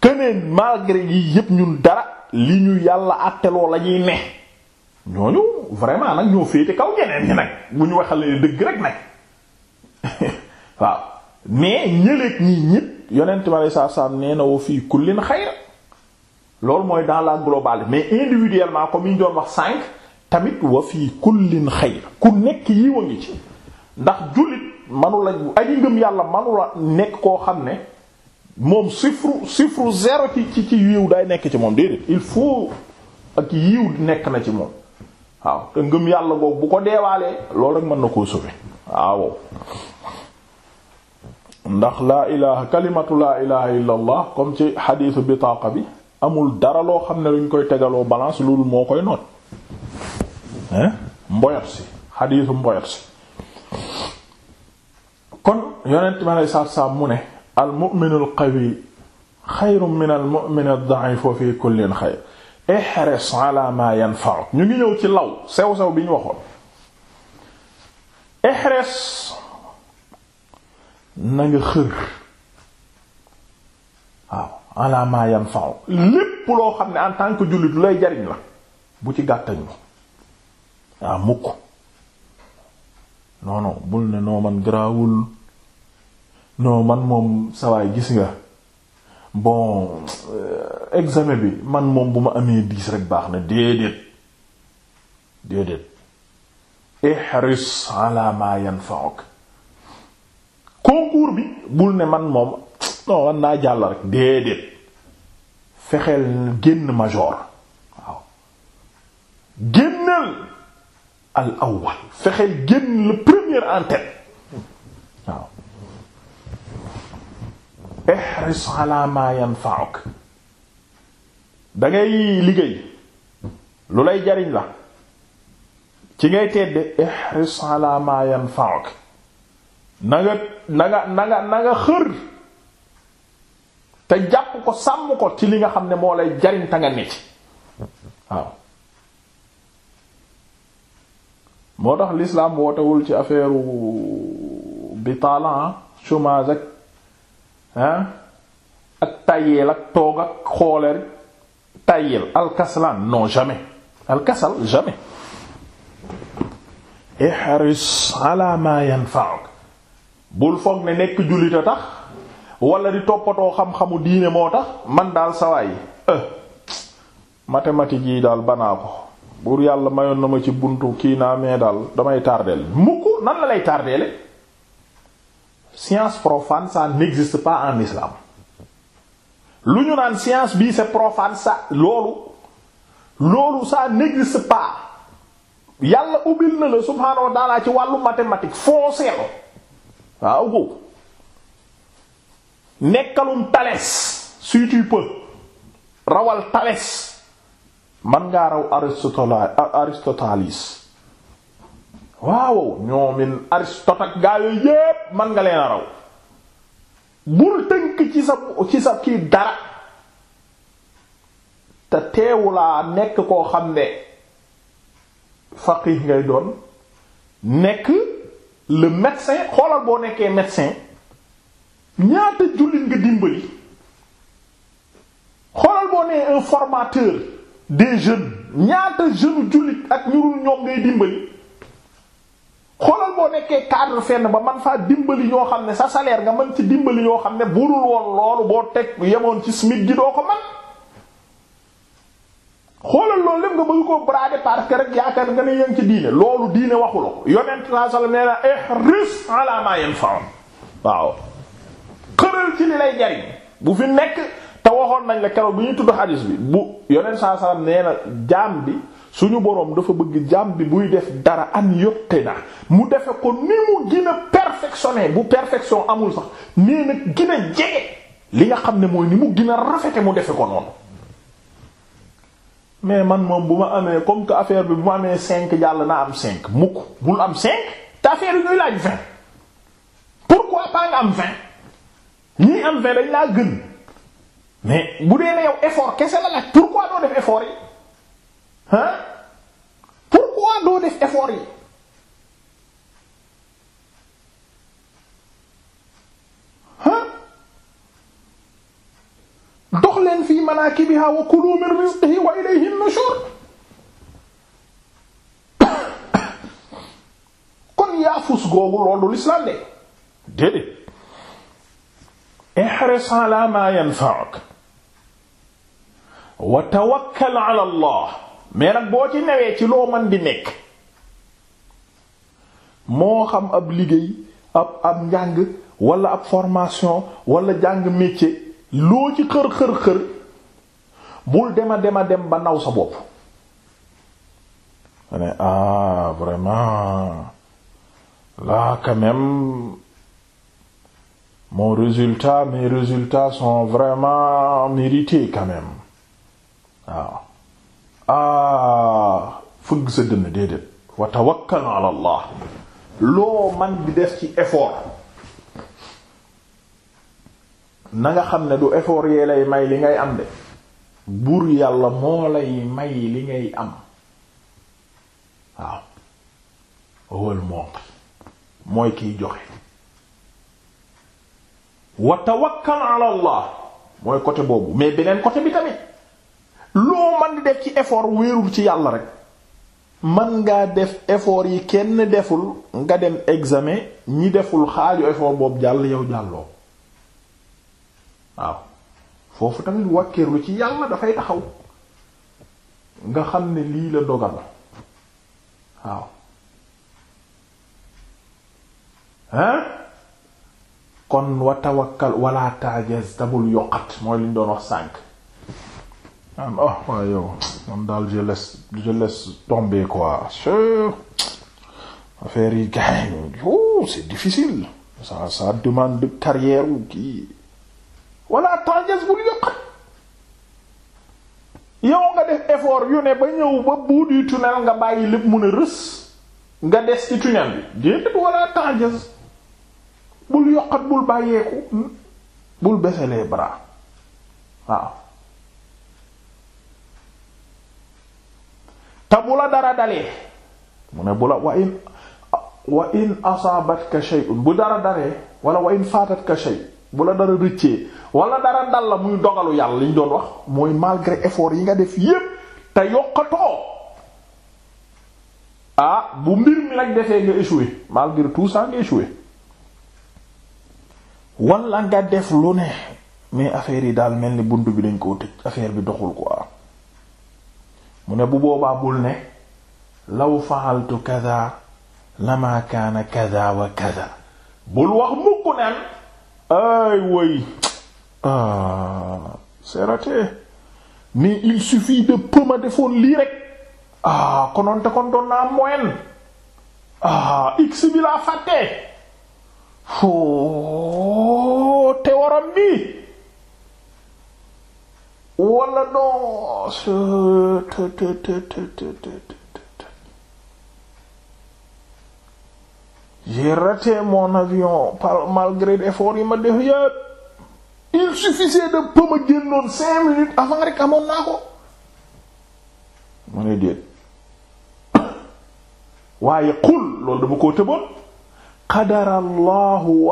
que ne malgré yi yépp ñun dara li ñu yàlla àtteloo la ñuy ne ñooñu vraiment nag ñoo féete kaw ñeneen ñi nag bu ñu waxalee dëgg rek nag. waaw mais ñëleeg ñi ñëpp yonent bi alei saatu salaam nee na wa fii kullin xayra loolu mooy dans la globale mais individuellement comme yi ñu doon cinq tamit wa fii kullin xayra ku nekk yiw wa ngi ci ndax jullit manu la aji ngëm yàlla manu nekk koo xam ne moom chiffre chiffre zéro ci ci ci day nekk ci moom déedéet il ak yiw nekk na ci moom waaw te ngëm yàlla boobu bu ko deewaalee loolu rek mën na koo sauver waaw ndax laa ilaha kalimatu laa ilaha illa allah comme ci xadiisu bitaaqa bi amul dara loo xam ne luñ koy tegaloo balance loolu moo koy noot hein mboyot si xadiisu mboyot si kon yonent ma lay saab-saab mu ne al mu'minul qawi xayrun min al mu'minid wa fi kullin xayr ihris ala ma yanfa'uk ñu ngi ñëw ci law sew sew bi ñu waxoon ihris na nga xër waaw ala ma yanfa'u lépp loo xam ne en tant que jullit lu lay jariñ la bu ci gàttañ lu waaw ah, mukk non non bul ne noo man garaawul non man moom sawaay gis nga bon euh, examen bi man moom bu ma amee dix rek baax na déedéet déedéet ihris ala ma yanfa'uk concours bi bul ne man moom non man naa jàll rek déedéet fexeel génn major waaw génnal al awwal fexeel génn le premier en tête ihris ala ma yanfa'uk liggéey lu lay jariñ la ci ngay tedde ihris ala ma na nga na nga na nga xër te jàpp ko sàmm ko ci li nga xam ne moo lay jariñ ta nga ne ci waaw moo tax l'islam wootewul ci affaire bi talent ah, chômage ak ah, ak tayeel ak toog ak xooler tayeel alkaslan non jamais alkasal jamais ihris ala ma yanfa'uk bul foog ne nekk jullit a tax wala di toppatoo xam-xamu diine moo tax man daal sawaay eh, mathématique yi daal banaa ko buur yàlla mayoon na ma ci buntu kii naa mais daal damay tardeel mukk nan la lay tardeele science profane ça n'existe pas en islam lu ñu naan science bii c'est profane ça loolu loolu ça n'existe pas yàlla ubbil na la subhaanahu wa ci wàllu mathématique foncé lo waaw ko nekkalum Thalès si tu peux rawal Thalès man ngaa raw Aristote waaw ñoomin Aristote ak gaa yooyu yépp man nga leen a raw bul tënk ci sa ci sa kii dara te teewulaa nekk koo xam ne faqih ngay doon nekk le médecin xoolal boo nekkee médecin ñaata jullit nga dimbali xoolal boo nee un formateur des jeunes ñaata jeune jullit ak ñu dul ñoom ngay dimbali xoolal boo nekkee cadre fenn ba man faa dimbali ñoo xam ne sa salaire nga mën ci dimbali ñoo xam ne bu woon loolu boo teg yemoon ci SMIC gi doo ko man xoolal loolu lépp nga bëgg koo brader parce que rek yaakaar nga ne yéen ci diine loolu diine waxu la ko yonent sallallahu alayhi wasallam nee na ihris ala ma yanfa'un waaw xëral ci li lay jariñ bu fi nekk te waxoon nañ la keroog bi ñuy tudd xadiis bi bu yonent sallallahu alayhi wasallam jaam bi suñu boroom dafa bëgg jaam bi buy def dara an yotti na mu defe ko ni mu gën a bu perfection amul sax nee na gën a jege li nga xam ne mooy ni mu gën a rafete mu defe ko noonu mais man moom bu ma amee comme que affaire bi bu ma amee cinq jàll naa am cinq mukk bul am cinq te affaire yi ñuy laaj vingt pourquoi pas nga am vingt ñii am vingt dañ laa gën mais bu dee ne yow effort kese la laaj pourquoi doo def effort yi ah pourquoi doo def effort yi. manaakibihaa wa kuluu min rizqihi wa ilayhi nushuur kon yaafus googu loolu lislaam de déedéet ihris alaa maa wa tawakkal ala allah nag boo ci newee ci loo man di nekk moo xam ab liggéey ab ab njàng wala ab formation walla jàng métier loo ci xër xër xër bul dema dema dem ba naw sa bopp ma ne ah vraiment là quand même mon résultat mes résultats sont vraiment mérités quand même waaw ah. ah fëgg sa dënn déedéet wa tawakkal ala allah loo man bi def ci effort nanga xam ne du effort yee lay may li ngay am de buur yàlla moo lay may li ngay am waaw wal moom mooy kiy joxe wa tawakkal ala allah mooy côté boobu mais beneen côté bi tamit loo man def ci effort wéerul ci yàlla rek man ngaa def effort yi kenn deful nga dem examen ñi deful xaaju effort boobu jàll yow jàlloo waaw foofu tamit wàkkeerlu ci yàlla dafay taxaw nga xam ne lii la dogal waaw hein kon wa tawakkal wala taajaz tabul mooy li doon wax sànk am oh waaye yow man daal je laisse je laisse tomber quoi affaire yi gars yi c'est difficile ça ça demande de carrière kii wala tajas bul yokkat yow nga def effort yu ne ba ñëw ba bout du tunnel nga bàyyi lépp mu ne rës nga des ci tunnel bi déedéet wala tajas bul yokkat bul bàyyeeku bul baisser les waaw te bu la dara dalee mu ne bu la wa in wa in asaabatka shay'un bu dara dalee wala wa in faatatka shay bu la dara rëccee wala dara dal la muy doxalu yàlla li doon wax mooy malgré effort yi nga def yépp te yokkatoo ah bu mbir mi nag defee nga échoué malgré tout ça nga échoué wala nga def lu ne mais affaire yi daal mel ni bunt bi dañ koo tëj affaire bi doxul quoi mu ne bu boobaa bul ne law fa'altu kaza lama kaana kaza wa kaza bul wax mukk naan ay way ah c'est raté il suffit de peu ma defoon lii rek ah konoonte kon doon naa moyen ah x bi laa fàtte foo te waram bi wala non te te te te te j'ai raté mon avion par malgré l'effort yi ma def yépp il suffisait de peu ma génnoon cinq minutes avant rek waaye qul loolu dama koo tëboon qadara allahu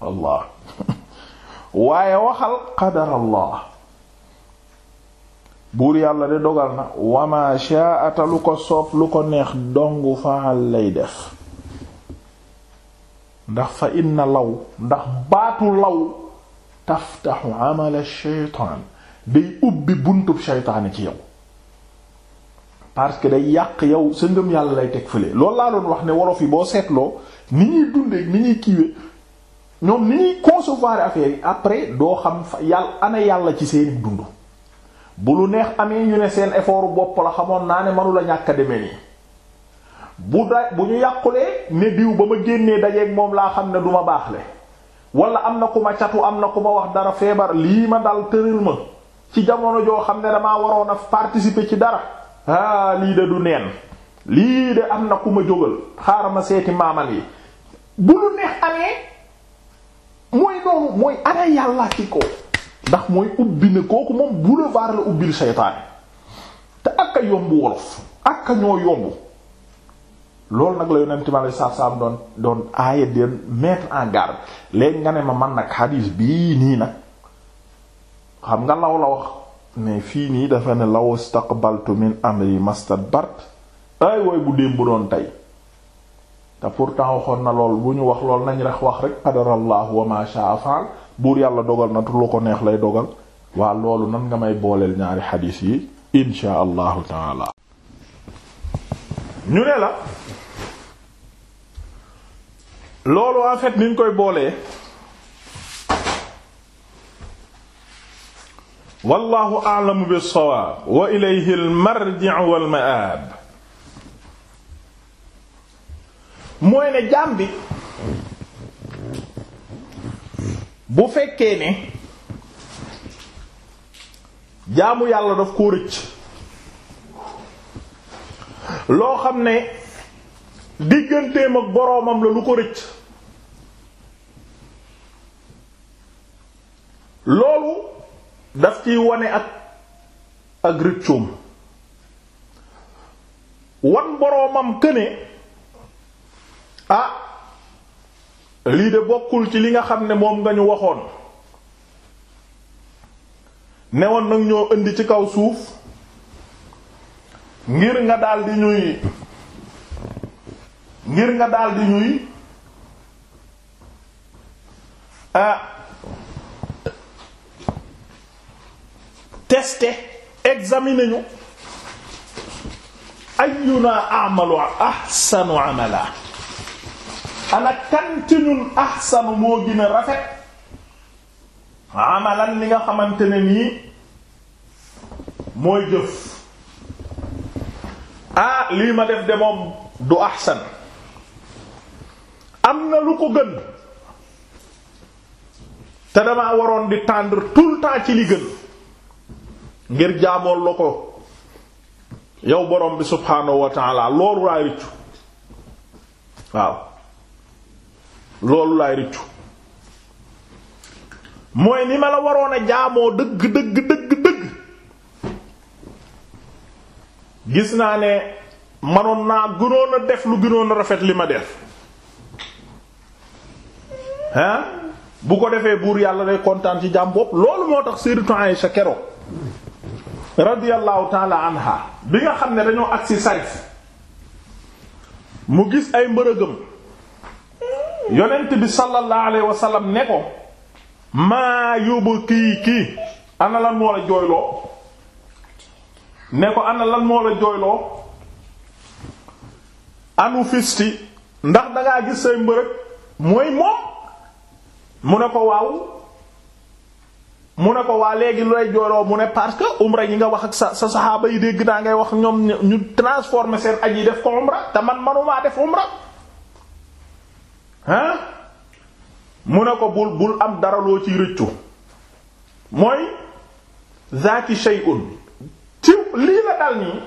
allah waaye waxal qadara allah buur yàlla de dogal na wama shaa'ata lu ko soob lu ko neex dong faal lay def ndax fa inna law ndax baatu law taftaxu amala shaytaan day ubbi buntub shaytaani ci yow parce que day yàq yow sa ngëm yàlla lay teg fële loolu laa doon wax ne wolof yi boo seetloo ni ñuy dundee ni ñuy kiiwee ñoom ni ñuy concevoir affaire yi après doo xam yàlla ana yàlla ci seeni dund bu lu neex amee ñu ne seen effort bopp la xamoon naa ne manula ñàkk a demee nii bu da bu ñu yàqulee ne diw ba ma génnee dajeeg moom laa xam ne duma ma baaxle wala am na ku ma catu am na ku ma wax dara feebar lii ma dal tëral ma ci jamono joo xam ne damaa waroon a participer ci dara ah lii de du neen lii de am na ku ma jógal xaaral ma seeti maaman yi bu lu neex amee mooy noonu mooy ana yàlla ko ndax mooy ubbi na kooku moom boulevard la ubbil seytaane te ak yomb wolof ak a ñoo yomb loolu nag la yonent ma lay saab doon doon aaya den mettre en garde léegi nga ne ma man nag xadiis bii nii nag xam nga law la wax mais fii nii dafa ne law istaqbaltu min amri mastadbart ay wooy bu démb doon tey te pourtant waxoon na lool bu ñu wax lool nañ rex wax rek qadarallahu wa ma sha'a fa'al buur yàlla dogal na lu ko neex lay dogal waa loolu nan nga may booleel ñaari xadiis yi insha allahu taala ñu ne la loolu en fait niñ koy boolee wallahu a'lamu bis-sawaab wa ilayhi al-marji'u wal ma'aab mooy ne jaam bi bu fekkee ne jaamu yàlla daf koo rëcc loo xam ne digganteem ak boroomam la lu ko rëcc loolu daf ciy wane ak ak rëccoom wan boroomam këne ah lii de bokkul ci li nga xam ne moom nga ñu waxoon newoon nag ñoo indi ci kaw suuf ngir nga daldi ñuy ngir nga daldi ñuy ah tester examiner ñu ayyuna amalu ahsanu amala ana kan ci ñun ahsanu moo gën a amalan li nga xamante ne nii mooy jëf ah lii ma def de moom du ahsan am na lu ko gën te damaa waroon di tànd tout le temps ci li gën ngir jaamool la ko yow borom bi subhaanahu wa loolu laay rëccu waaw loolu laay rëccu mooy ni ma la waroon a jaamoo dëgg dëgg dëgg dëgg gis naa ne manoon naa gënoon a def lu gënoon rafet li ma def hein bu ko defee buur yàlla day kontaan ci jaam bopp loolu moo tax sayyidatu Aisha keroog radiyallahu ta'ala anha bi nga xam ne dañoo agsi Sarif mu gis ay mbërëgëm yonent bi sallallahu alayhi wa sallam ne ko maa yóbbu kii kii ana lan moo la jooyloo ne ko ana lan moo la jooyloo anu fisti ndax dangaa gis say mbërëg mooy moom mu ne ko waaw mu ne ko waa léegi looy jooyloo mu ne parce que umra yi nga wax ak sa sa saxaaba yi dégg naa ngay wax ñoom ñu transformer seen aj yi def ko umra te man manumaa def umra ah mu ne ko bul bul am dara loo ci rëccu mooy zaaki shay'un ci lii la dal nii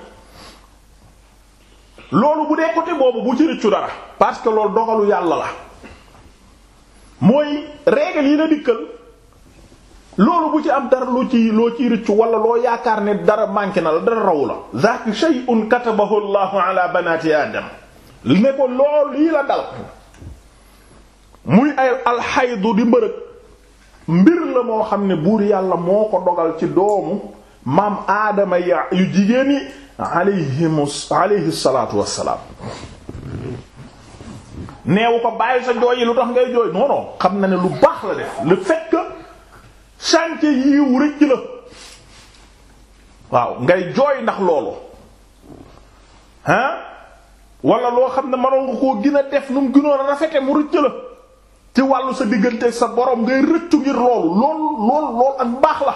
loolu bu dee côté boobu bu ci rëccu dara parce que loolu doxalu yàlla la mooy règle yi la dikkal loolu bu ci am dara loo ci loo ciy rëccu wala loo yaakaar ne dara manqué na la dara raw la zaaki shay'un katabahu Allahu ala banati ne ko loolu lii la dal muy ay alxaydu di mbërëg mbir la moo xam ne buur yàlla moo ko dogal ci doomu maam aadama ya yu jigéen yi alayhimus alayhi salaatu wassalaam neewu ko bàyyi sa jooy yi lu tax ngay jooy non xam na ne lu baax la def le fait que chantier rëcc la waaw ngay jooy ndax loolu ah wala loo xam ne mënoon nga koo gën def nu mu gënoon a rafete mu rëcc la ci wàllu sa diggante sa borom ngay rëccu ngir loolu loolu loolu ak mbaax la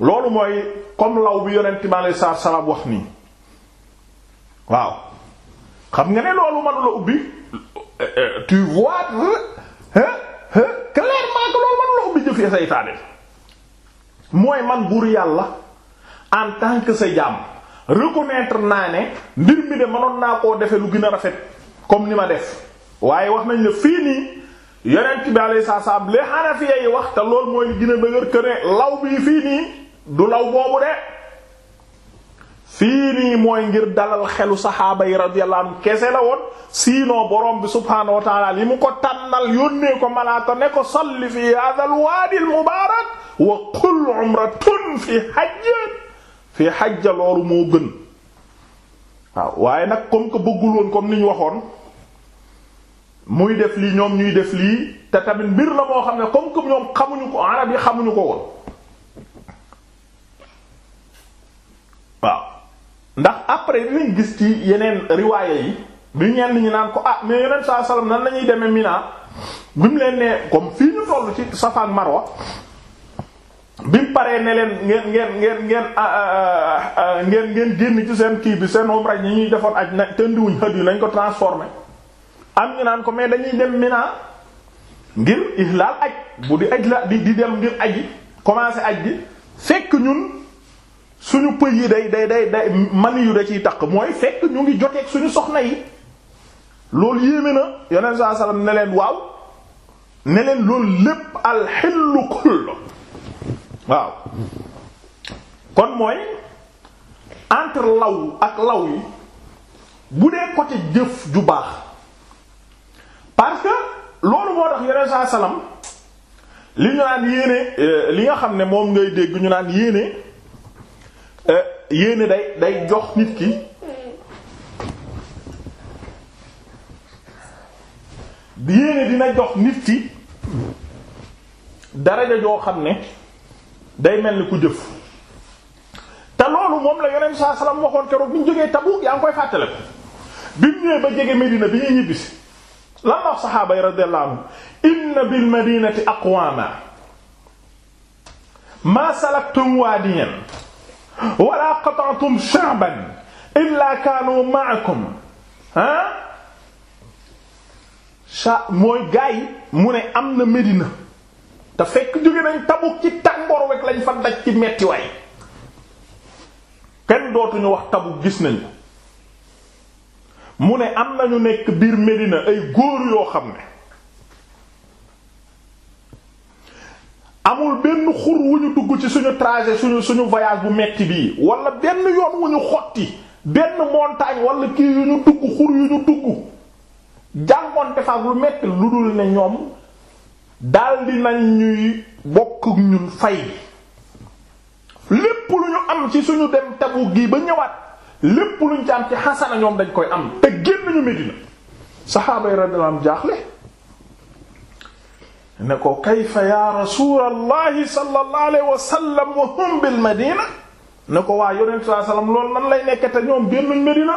loolu mooy comme law bi yonent mi aleyhi salaatu salaam wax nii waaw xam nga ne loolu mënu la ubbi eh, eh, tu vois clairement que mooy man buur yàlla en tant que sa jaam reconnaître naa ne mbir mi de mënoon naa koo defe lu gën a rafet comme ni ma def waaye wax nañ la fii nii yonent bi alayhi salaam li Hanafiya yi wax te loolu mooy li gën a dëgër que law bii fii nii du law boobu de fii nii mooy ngir dalal xelu saxaaba yi radiyallahu kese la woon sinon borom bi subhaanahu wa li mu ko tànnal yónnee ko malaaka ne ko salli fi hadhal waadil mubaarak wa qul umratun fi hajja fi hajja loolu moo gën waaw waaye nag comme que bëggul woon comme ni ñu waxoon. muy def lii ñoom ñuy def lii te tamit mbir la moo xam ne comme que ñoom xamuñu ko arab yi xamuñu ko woon waaw ndax après dinañ gis ci yeneen riwaaya yi bi ñenn ñi naan ko ah mais yeneen saa salaam nan lañuy demee Mina bi mu leen ne comme fii ñu tollu ci Safa ak Marwa bi mu paree ne leen ngeen ngeen ngeen ngeen ah, ah, ah, ngeen ngeen génn ci seen kii bi seen umra yi ñuy defoon aj na tëndiwuñ xët yu nañ ko transformé am ñu naan ko mais dañuy dem Mina ngir ihlal aj bu di aj la di dem ngir aji commencé aj bi fekk ñun suñu pëy yi day day day day mani yu da ciy taq mooy fekk ñu ngi joteeg suñu soxna yi loolu yéeme na yonent saa sallam ne leen waaw ne leen loolu lépp alxillu kull waaw kon mooy entre law ak law yi bu dee côté jëf ju baax parce que loolu moo tax yeneen saa salaam li ñu naan yéene euh, li nga xam ne moom ngay dégg ñu naan yéene euh, yéene day day jox nit ki yéene dina jox nit ki daraja joo xam ne day mel ni ku jëf te loolu moom la yeneen sa salaam waxoon keroog bi ñu jógee Tabuk yaa ngi koy fàttale ko bi mu ñëwee ba jege Medina bi ñuy ñibbisi lan la saxaaba yi radiyallahu inna bil madinati aqwaama salaktum waadiyan wala qata'tum sha'ban illa kaanu ma'akum ah mooy gaay mu ne am na Medina te fekk jóge nañ Tabuk ci tàngoor wek lañ fa daj ci metti waay kenn dootuñu wax Tabuk gis nañ mu ne am na ñu nekk biir Medina ay góor yoo xam ne amul benn xur wu ñu dugg ci suñu trajet suñu suñu voyage bu metti bii wala benn yoon wu ñu xotti benn montagne wala kii yu ñu dugg xur yu ñu dugg jàngoon defaat lu metti lu dul ne ñoom daldi nañ ñuy bokk ñun fay lépp lu ñu am ci suñu dem tabu gi ba ñëwaat lépp luñ ci am ñoom dañ koy am te génn ñu Medina saxaaba yi radiyallahu anhum jaaxle ne ko kayfa ya rasulallahi sallallahu alayhi wa wa hum bil madina ne ko waa yonent sallallahu alayhi wa sallam loolu nan lay nekk te ñoom génnuñ Medina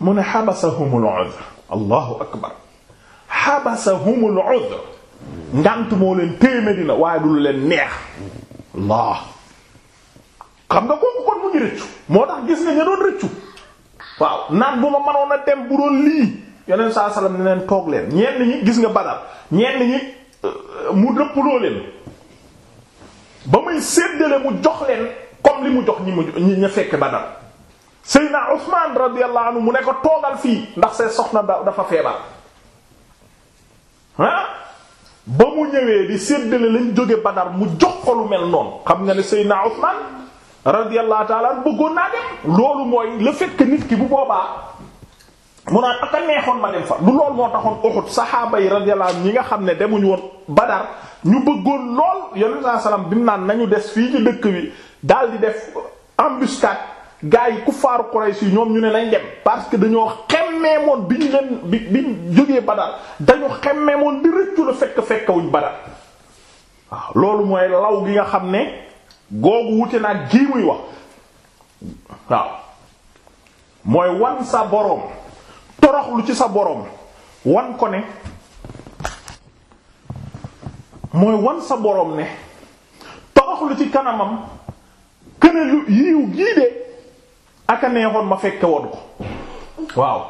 mu ne xabasahumul udhr allahu akbar xabasahumul udhr ngant moo leen téye Medina waaye lu leen neex allah mujj rëccu moo tax gis nga ña rëccu waaw naan bu ma mënoon a dem bu doon lii yeneen saa salaam ne leen toog leen ñenn ñi gis nga badal ñenn ñi euh, mu dëppuloo leen ba muy séddale mu jox leen comme li mu jox ñi mu ñi fekk badal Seydina Usmaan radiyallahu mu ne ko toogal fii ndax seen soxna dafa feebar ah ba mu ñëwee di séddale lañ jóge badar mu jox ko lu mel noonu xam nga ne Seydina Usmaan radiyallahu taala bëggoon naa dem loolu mooy le fait nit ki bu boobaa mu naan neexoon ma dem fa du loolu moo taxoon Uhud saxaaba yi radiyallahu ñi nga xam ne demuñu woon Badar ñu bëggoon lool yonent saa salaam bi mu naan nañu des fii ci dëkk bi daal di def embuscade gars yi kuffaaru Quraysh yi ñoom ñu ne lañ dem parce que dañoo xemmeemoon bi ñu leen bi bi jógee Badar dañu xemmeemoon di rëccu la fekk fekkawuñ Badar waaw loolu mooy law gi nga xam ne. googu wute naag gii muy wax waaw mooy wan sa boroom toroxlu ci sa boroom wan ko ne mooy wan sa boroom ne toroxlu ci kanamam këne lu yiw gii de aka neexoon ma fekke woon ko waaw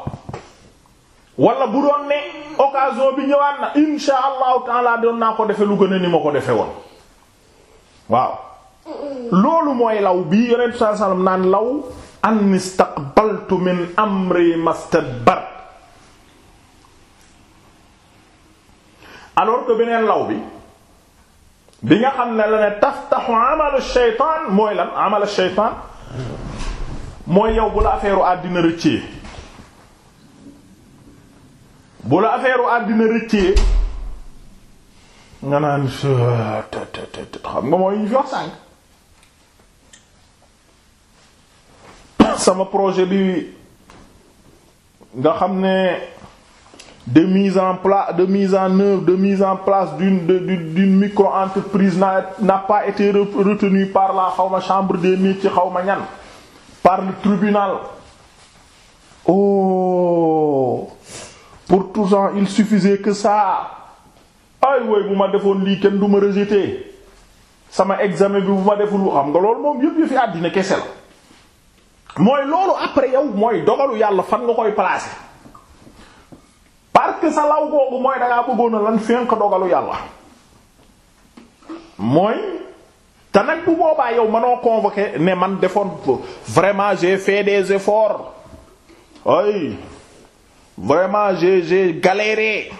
wala bu doon ne occasion bi ñëwaat na insha allahu taala doon naa ko defe lu gën a ni ma ko defe woon waaw loolu mooy law bi yonent saa sallam naan law an istaqbaltu min amri mastadbar alors que beneen law bi bi nga xam ne la ne taftaxu amalu shaytaan mooy lan amalu shaytaan mooy yow bu la affaire u àddina rëccee bu la affaire àddina rëccee nga naan xam nga mooy ñu fi wax sànk sama projet bi nga xam ne de mise en place de mise en œuvre de mise en place d'une d'une micro-entreprise n'a n'a pas été retenu par la xawma chambre des métiers xawma ñan par le tribunal oh pour tout ça il suffisait que ça ay way bu ma defoon lii kenn du ma rejeter sama examen bi bu ma deful xam nga loolu moom yëpp yëfi àddina kese la mooy loolu après yow mooy dogalu yàlla fan nga koy placer parce que sa law googu mooy dangaa bëggoon lan fenk dogalu yàlla mooy te nag bu boobaa yow manoo convoquer ne man defoon vraiment j'ai fait des efforts ay vraiment j'ai j'ai galéré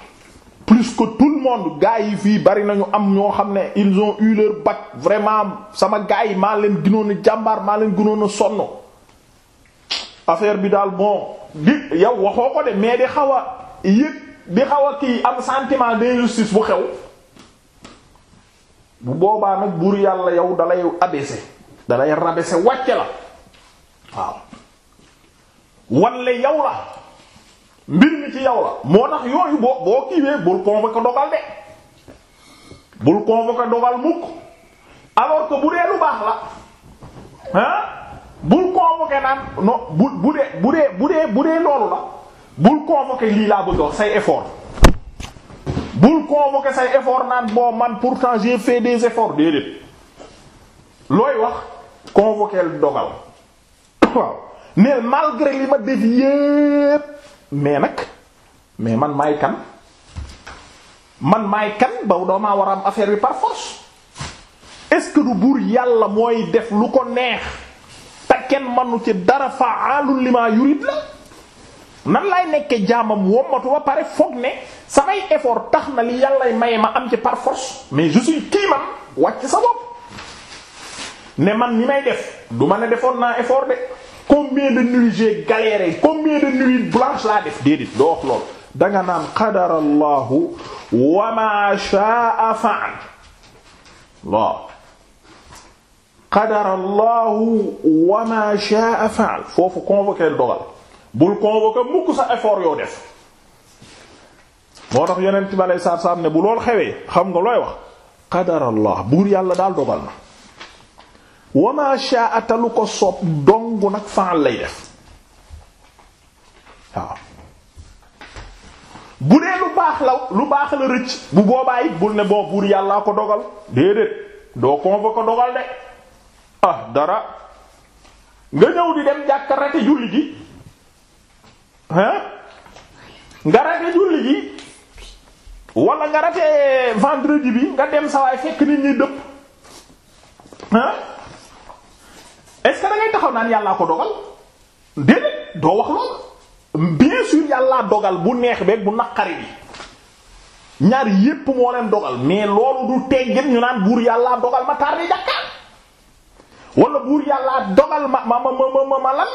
plus que tout le monde gars yi fii bari nañu am ñoo xam ne ils ont eu leur vraiment sama gars yi maa leen gënoon a jàmbaar maa leen gënoon a sonn affaire bi daal bon di yow waxoo ko de mais di xaw a yëg di xaw a kii am sentiment d'injustice bu xew bu boobaa nag buur yàlla yow dalay abaissé dalay rabaissé wàcce la waaw wanle yow la mbir mi ci yow la moo tax yooyu boo boo kiiwee bul convoquer dogal de bul convoquer dogal mukk alors que bu dee lu baax la ah bul convoqué naan non bu bu dee bu dee bu dee bu dee loolu la bul convoqué lii laa bëgg wax say effort bul convoqué say effort naan bon man pourtant j'ai fait des efforts déedéet looy wax convoqué dogal waaw nag mais man maay kan man maay kan ba doomaa war am affaire bi par est-ce que du buur yàlla mooy def lu ko neex te kenn manu ci dara fa'aalun limaa yurid la nan laay nekke jaamam wommatu ba pare foog ne samay effort tax na li yàllay maye ma am ci par force mais je suis kii man wàcc ne man mi may def du ma ne defoon na effort de combien de nuits j'ai galéré combien de nuits blanches laa def déedéet doo wax lool danga naan qadarallahu wa ma sha'a fa'al waaw qadara allahu wa ma sha'a fa'al foofu convoqué dogal bul convoqué mukk sa effort yoo def moo tax yonent bi aley saat salaam ne bu lool xewee xam nga looy wax qadara allah buur yàlla daal dogal na wa sha'a ta ko soob dong nag fa'al lay def waaw bu dee lu baax la lu baax la rëcc bu boobaa bul ne boo buur yàllaa ko dogal déedéet doo convoqué dogal de ah dara nga ñëw di dem jàkk rate julli gi hein nga rate julli gi wala nga rate vendredi bi nga dem sawaay fekk nit ñi dëpp hein est-ce taxaw naan yàllaa ko dogal déedéet doo wax lool bien sûr yàllaa dogal bu neex beeg bu naqari bi ñaar yépp moo leen dogal mais loolu du teggin ñu naan buur yàllaa dogal ma tardé jàkkaar wala buur yàlla dogal ma ma ma ma ma ma lan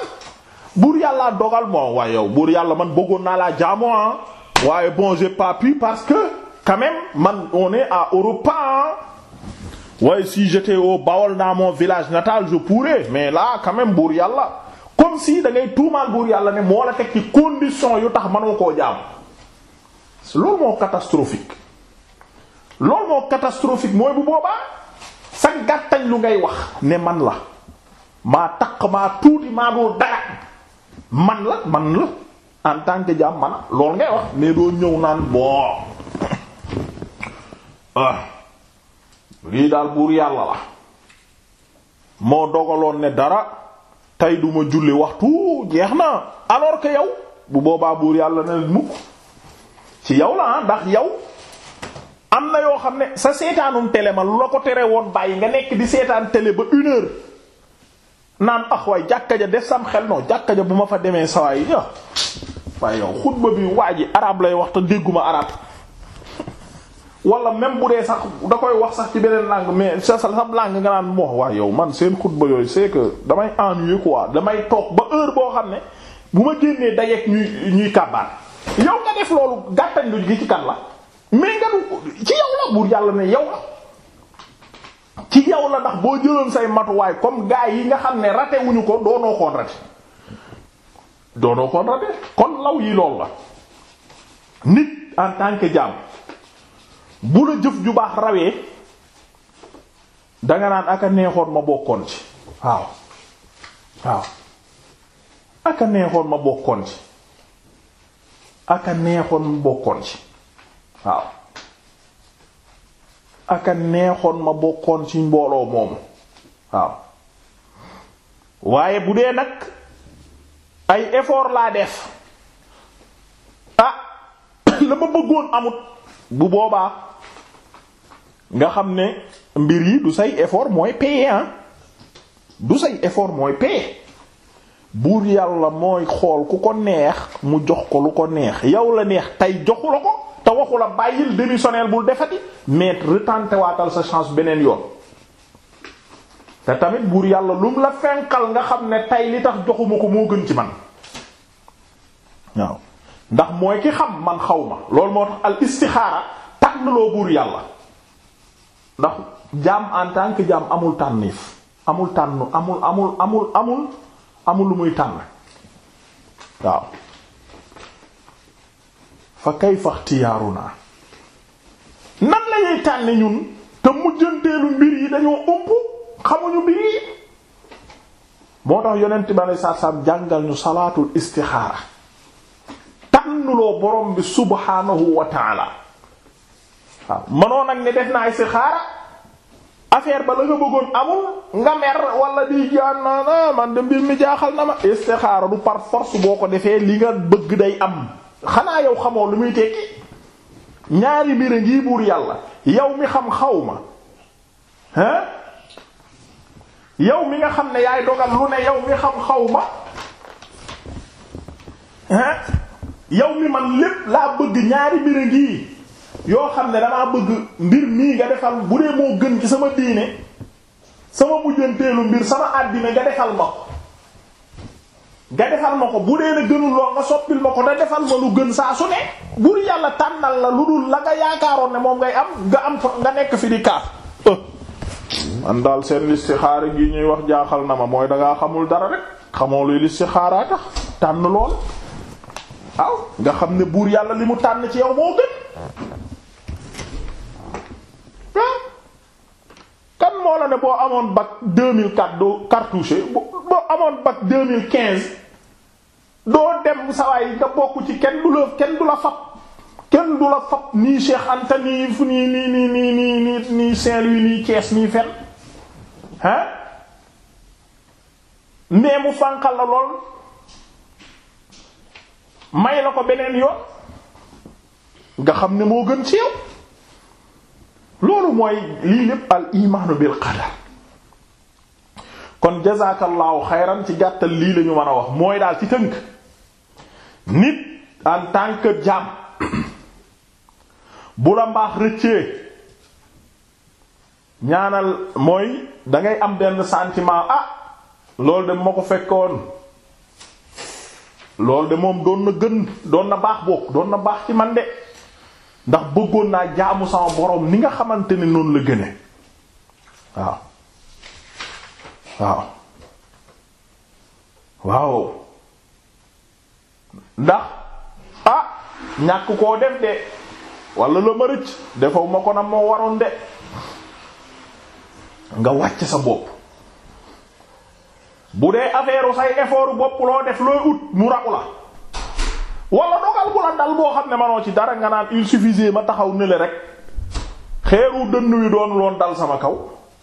buur yàllaa dogal bon waaye yow buur yàlla man bëggoon naa laa jaamoo ah waaye bon j'ai pas parce que quand même man on est à Europe waaye si j'étais au Baol village natal je pourrais mais là quand buur yàlla comme si da tuumaal buur yàlla ne moo la teg ci condition yu tax mënoo koo jaam loolu moo catastrophique loolu moo catastrophique mooy bu boobaa. sa gàttañ lu ngay wax ne man la ma taq maa tuuti maa dul dara man la man la en tant que jaam man lool ngay wax mais doo ñëw naan boo ah. lii daal buur yàlla la moo dogaloon ne dara tey duma julli waxtu jeex na alors que yow bu boobaa buur yàlla na mukk ci yow la ah, ndax yow am na yoo xam ne sa seetaanum télé ma lu la ko tere woon bàyyi nga nekk di seetaan tele ba une naan ax ah waaye jàkka ja def sam xel noo jàkka ja bu ma fa demee sawaay ah waaye yow xutba bi waa ji arab lay wax te dégguma arab wala même bu dee sax da koy wax sax ci beneen langue mais sa sa langue nga naan moo waaye yow man seen xutba yooyu c'est que damay ennuyé quoi damay toog ba heure boo xam ne bu ma génnee dajeek ñuy ñuy kàbbaat yow nga def loolu gàttañ gi ci kan la mais nga du ci yow la buur yàlla ne yow la ci yow la ndax boo jëloon say matuwaay comme gaa yi nga xam ne rate ko doonoo koon rate doonoo koon rate kon law yi lool la nit en tant que jaam bu la jëf ju baax rawee danga naan aka neexoon ma bokkoon ci waaw waaw aka neexoon ma bokkoon ci aka neexoon ma bokkoon ci waaw aka neexoon ma bokkoon ci mbooloo moomu waaw waaye bu dee nag ay effort laa def ah la ma bëggoon amut bu boobaa nga xam ne mbir yi du say effort mooy paye ah. du say effort mooy paye buur yàlla mooy xool ku ko neex mu jox ko lu ko neex yow la neex tey joxu la ko te waxu la bàyyil démissionnel bul defati mais retente waatal sa chance beneen yoon te tamit buur yàlla lum la fenkal nga xam ne tey li tax joxuma ko moo gën ci man waaw ndax mooy ki xam man xaw ma loolu moo tax al istixaara tànnloo buur yàlla ndax jaam en tant que jaam amul tànniif amul tànn amul amul amul amul amul lu muy tànn waaw fa kayfa ixtiyaaruna nan lañuy tànne ñun te mujjanteelu mbir yi dañoo ump xamuñu mbir yi moo tax yonent bi aleyhi salaatu salaam jàngal ñu salaatul istixaara tànnuloo borom bi subhaanahu wa mënoo nag ne def naa istixaara affaire ba la nga bëggoon amul nga mer wala di jaan naa man de mbir mi jaaxal na ma istixaara du par force boo ko defee li nga bëgg day am xanaa yow xamoo lu muy tekki ñaari mbir a ngi buur yàlla yow mi xam xaw ma hein yow mi nga xam ne yaay dogal lu ne yow mi xam xaw ma hein yow mi man lépp laa bëgg ñaari mbir a ngi yoo xam ne danaa bëgg mbir mii nga defal bu dee moo gën ci sama diine sama mujjanteelu mbir sama àddina nga defal ma nga defal ma ko bu dee ne gënul loo nga soppil ma ko te defal ma lu gën saa su ne bur yàlla tànnal la lu dul la nga yaakaaroon ne moom ngay am nga am nga nekk fi di kaaf man daal seen listixaara gi ñuy wax jaaxal na ma mooy dangaa xamul dara rek xamoo luy listixaaraa tax tànn lool aw nga xam ne buur yàlla li mu tànn ci yow moo gën kan moo la ne boo amoon bac 2004 doo cartouche boo amoon bac 2015 doo dem sawaay nga bokk ci kenn du la kenn du la fab kenn du la fab nii Cheikh Anta nii fu nii nii nii nii nii nii Saint-Louis nii Thiès nii fen ah mais mu fànqal la lool may la ko beneen yoon nga xam ne moo gën ci yow loolu mooy lii lépp al imaanu bil qadar kon jazaakallaahu xayran ci gàttal lii lañu mën a wax mooy daal ci tënk nit en tant que jaam bu la mbaax rëccee ñaanal mooy dangay am benn sentiment ah loolu de moo ko fekkoon loolu de moom doon na gën doon na baax bokk doon na baax ci man de ndax bëggoon naa jaamu sama boroom ni nga xamante ni noonu la gëne waaw waaw waaw ndax ah ñàkk koo def de wala la ma rëcc defaw ma ko nag moo waroon de nga wàcc sa bopp bu dee affaire say effort bopp loo def looy ut mu raku la wala dogal bu la dal boo xam ne manoo ci dara nga naan il ma taxaw ne le rek xeeru dënn wi doonul woon dal sama kaw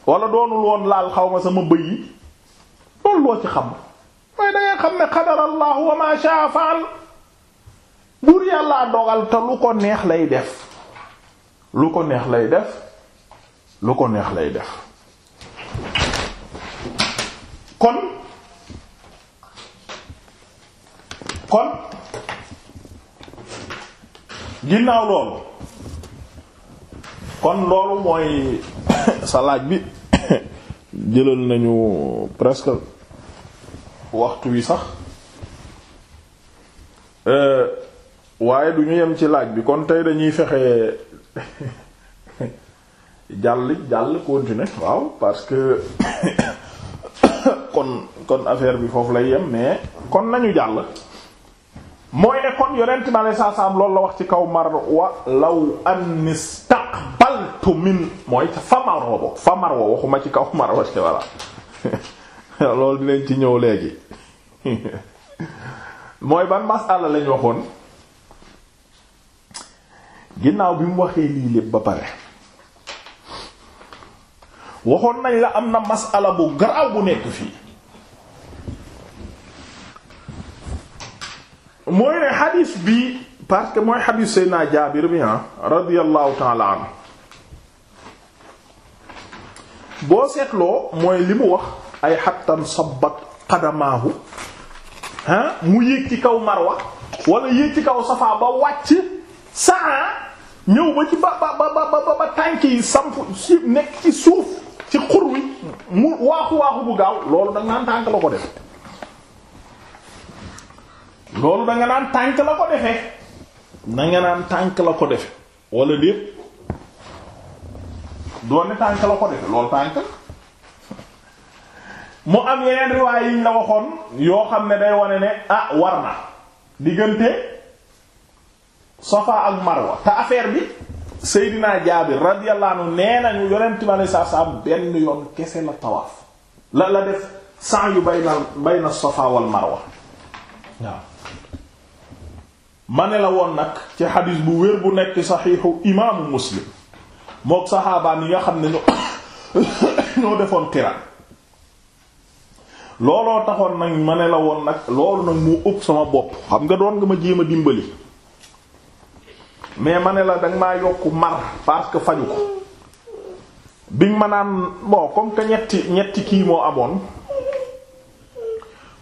wala doonul woon laal xaw ma sama bëy yi loolu loo ci xam waaye da ngay xam ne qadarallahu wa ma fa'al buur yàllaa dogal te ko neex lay def lu ko neex lay def lu ko neex lay def kon kon ginnaaw loolu kon loolu mooy sa laaj bi jëlal nañu presque waxtu wi sax euh, waaye du ñu yem ci laaj bi kon tey dañuy fexe jàll jàll continuer waaw parce que kon kon affaire bi foofu lay yem mais kon nañu jàll mooy ne kon yonent bi saa saatu salaam loolu la wax ci kaw Marwa law an istaqbaltu min mooy fa Marwa bok waxuma ci kaw Marwa ci walla loolu dinañ ci ñëw léegi mooy ban masala lañ waxoon ginnaaw bi mu waxee lii lépp ba pare waxoon nañ la am na masala bu garaaw bu nekk fii mooy ne xadiis bi parce que mooy xadiis Seydina Jaabir bi ah radiyallahu taala anhu boo seetloo mooy li mu wax ay xattan sabat qadamaahu ah, mu yéeg ci kaw marwa wala yéeg ci kaw safaa ba wàcc saa ñëw ba ci ba ba ba ba tànk yi samp nekk ci suuf ci xur mu waaxu waaxu bu gaaw loolu da nga tànk la ko def loolu danga naan tànk la ko defee da nga naan tànk la ko defe wala déet doon ne tànk la ko defe loolu tànk mu am yeneen riwaay yiñ la waxoon yoo xam ne day wane ne ah war na diggante Safa ak Marwa te affaire bi Seydina Jaabir radiyallahu anhu nee nañu yonent bi alei satu benn yoon kese la tawaaf la la def san yu bayna na Safa wal Marwa waaw ma ne la woon nag ci xadis bu wér bu nekk saxiixu imaamu muslim mook saxaabaan yi nga xam ne ñoo defoon xiraan looloo taxoon nag ma ne la woon nag loolu nag moo ëpp sama bopp xam nga doon nga ma jéem a dimbali mais ma ne la danga yokk mar parce que faju ko bi nga ma naan bon comme que ñetti ñetti kii moo amoon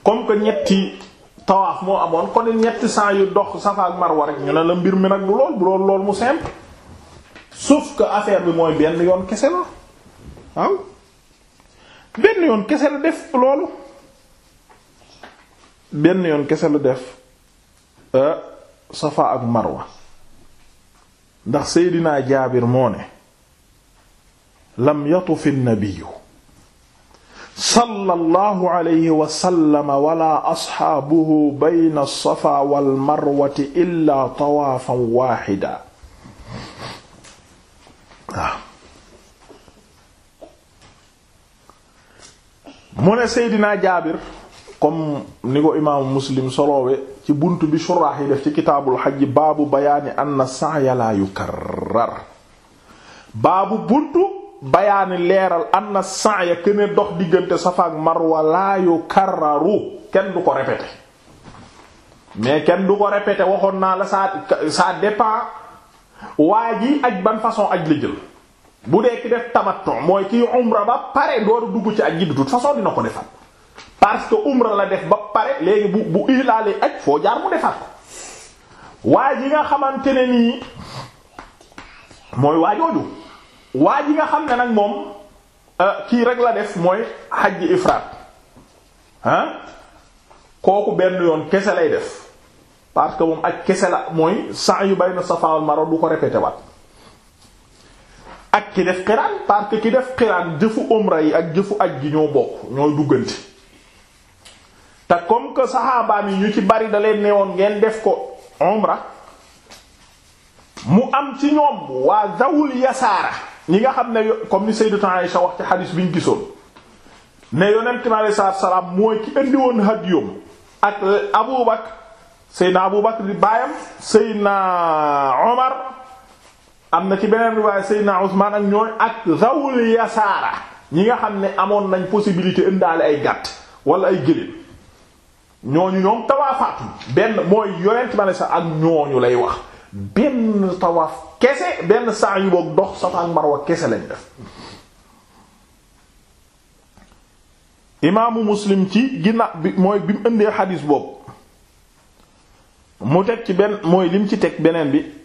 comme que ñetti tawaaf moo amoon kon ñetti saa yu dox Safa ak Marwa rek ñu ne la mbir mi nag du lool bu lool lool mu simple sauf que affaire bi mooy benn yoon kese la waaw benn yoon kese la def loolu benn yoon kese la def euh, Safa ak Marwa ndax Seydina Jaabir moo ne lam yatuf an-nabiyyu sallallahu alayhi wa sallam wala asxaabuhu bayna safa wal marwati illaa tawaafan waaxida waaw mu ne Seydina Jaabir comme ni ko imaamu Muslim soloowe ci bunt bi shuraax yi def ci kitaabul xaj baabu bayaani anna sa'ya laa yukarrar baabu buntu bayaani leeral anna sa'ya këne dox diggante Safa ak Marwa laa kenn du ko répété mais kenn du ko répété waxoon naa la saa ça dépend waa ji aj ban façon aj la jël bu dee ki def tamattu mooy kiy umra ba pare dooru dugg ci ak ji de toute façon dina ko defat parce que umra la def ba pare léegi bu bu ilaale aj foo jaar mu defat ko waa ji nga xamante ne nii mooy waajooju waa ji nga xam ne nag moom euh, kii rek la def mooy xaj ifraat ah kooku benn yoon kese lay def parce que moom ak kese la mooy sax yu bayna Safa wal Marwa du ko répété waat ak ki def xiraan parce ki def xiraan jëfu umra yi ak jëfu aj gi ñoo bokk ñooy duggante te comme que saxaabaam yi ñu ci bari da leen neewoon ngeen def ko umra mu am ci ñoom waa zawul yasaara ñi nga xam ne comme ni Sayyidatu Aïsha wax ci xadis bi ñu gisoon ne yonent mi alayhi salaatu salaam mooy ki indi woon hadiyum ak Abu Bakr Seydina Abu Bakr di baayam Seydina Omar am na ci beneen riwaay Seydina Ousmane ak ñooy ak zawul yasaara ñi nga xam ne amoon nañ possibilité indaale ay gàtt wala ay gëléem ñooñu ñoom tawaafaatu benn mooy yonent mi alayhi salaam ak ñooñu lay wax. benn tawaaf kese benn saa yu boog dox Safa ak Marwa kese lañ def imaamu Muslim ci ginnaaw bi mooy bi mu indee xadiis boobu mu teg ci benn mooy lim ci teg beneen bi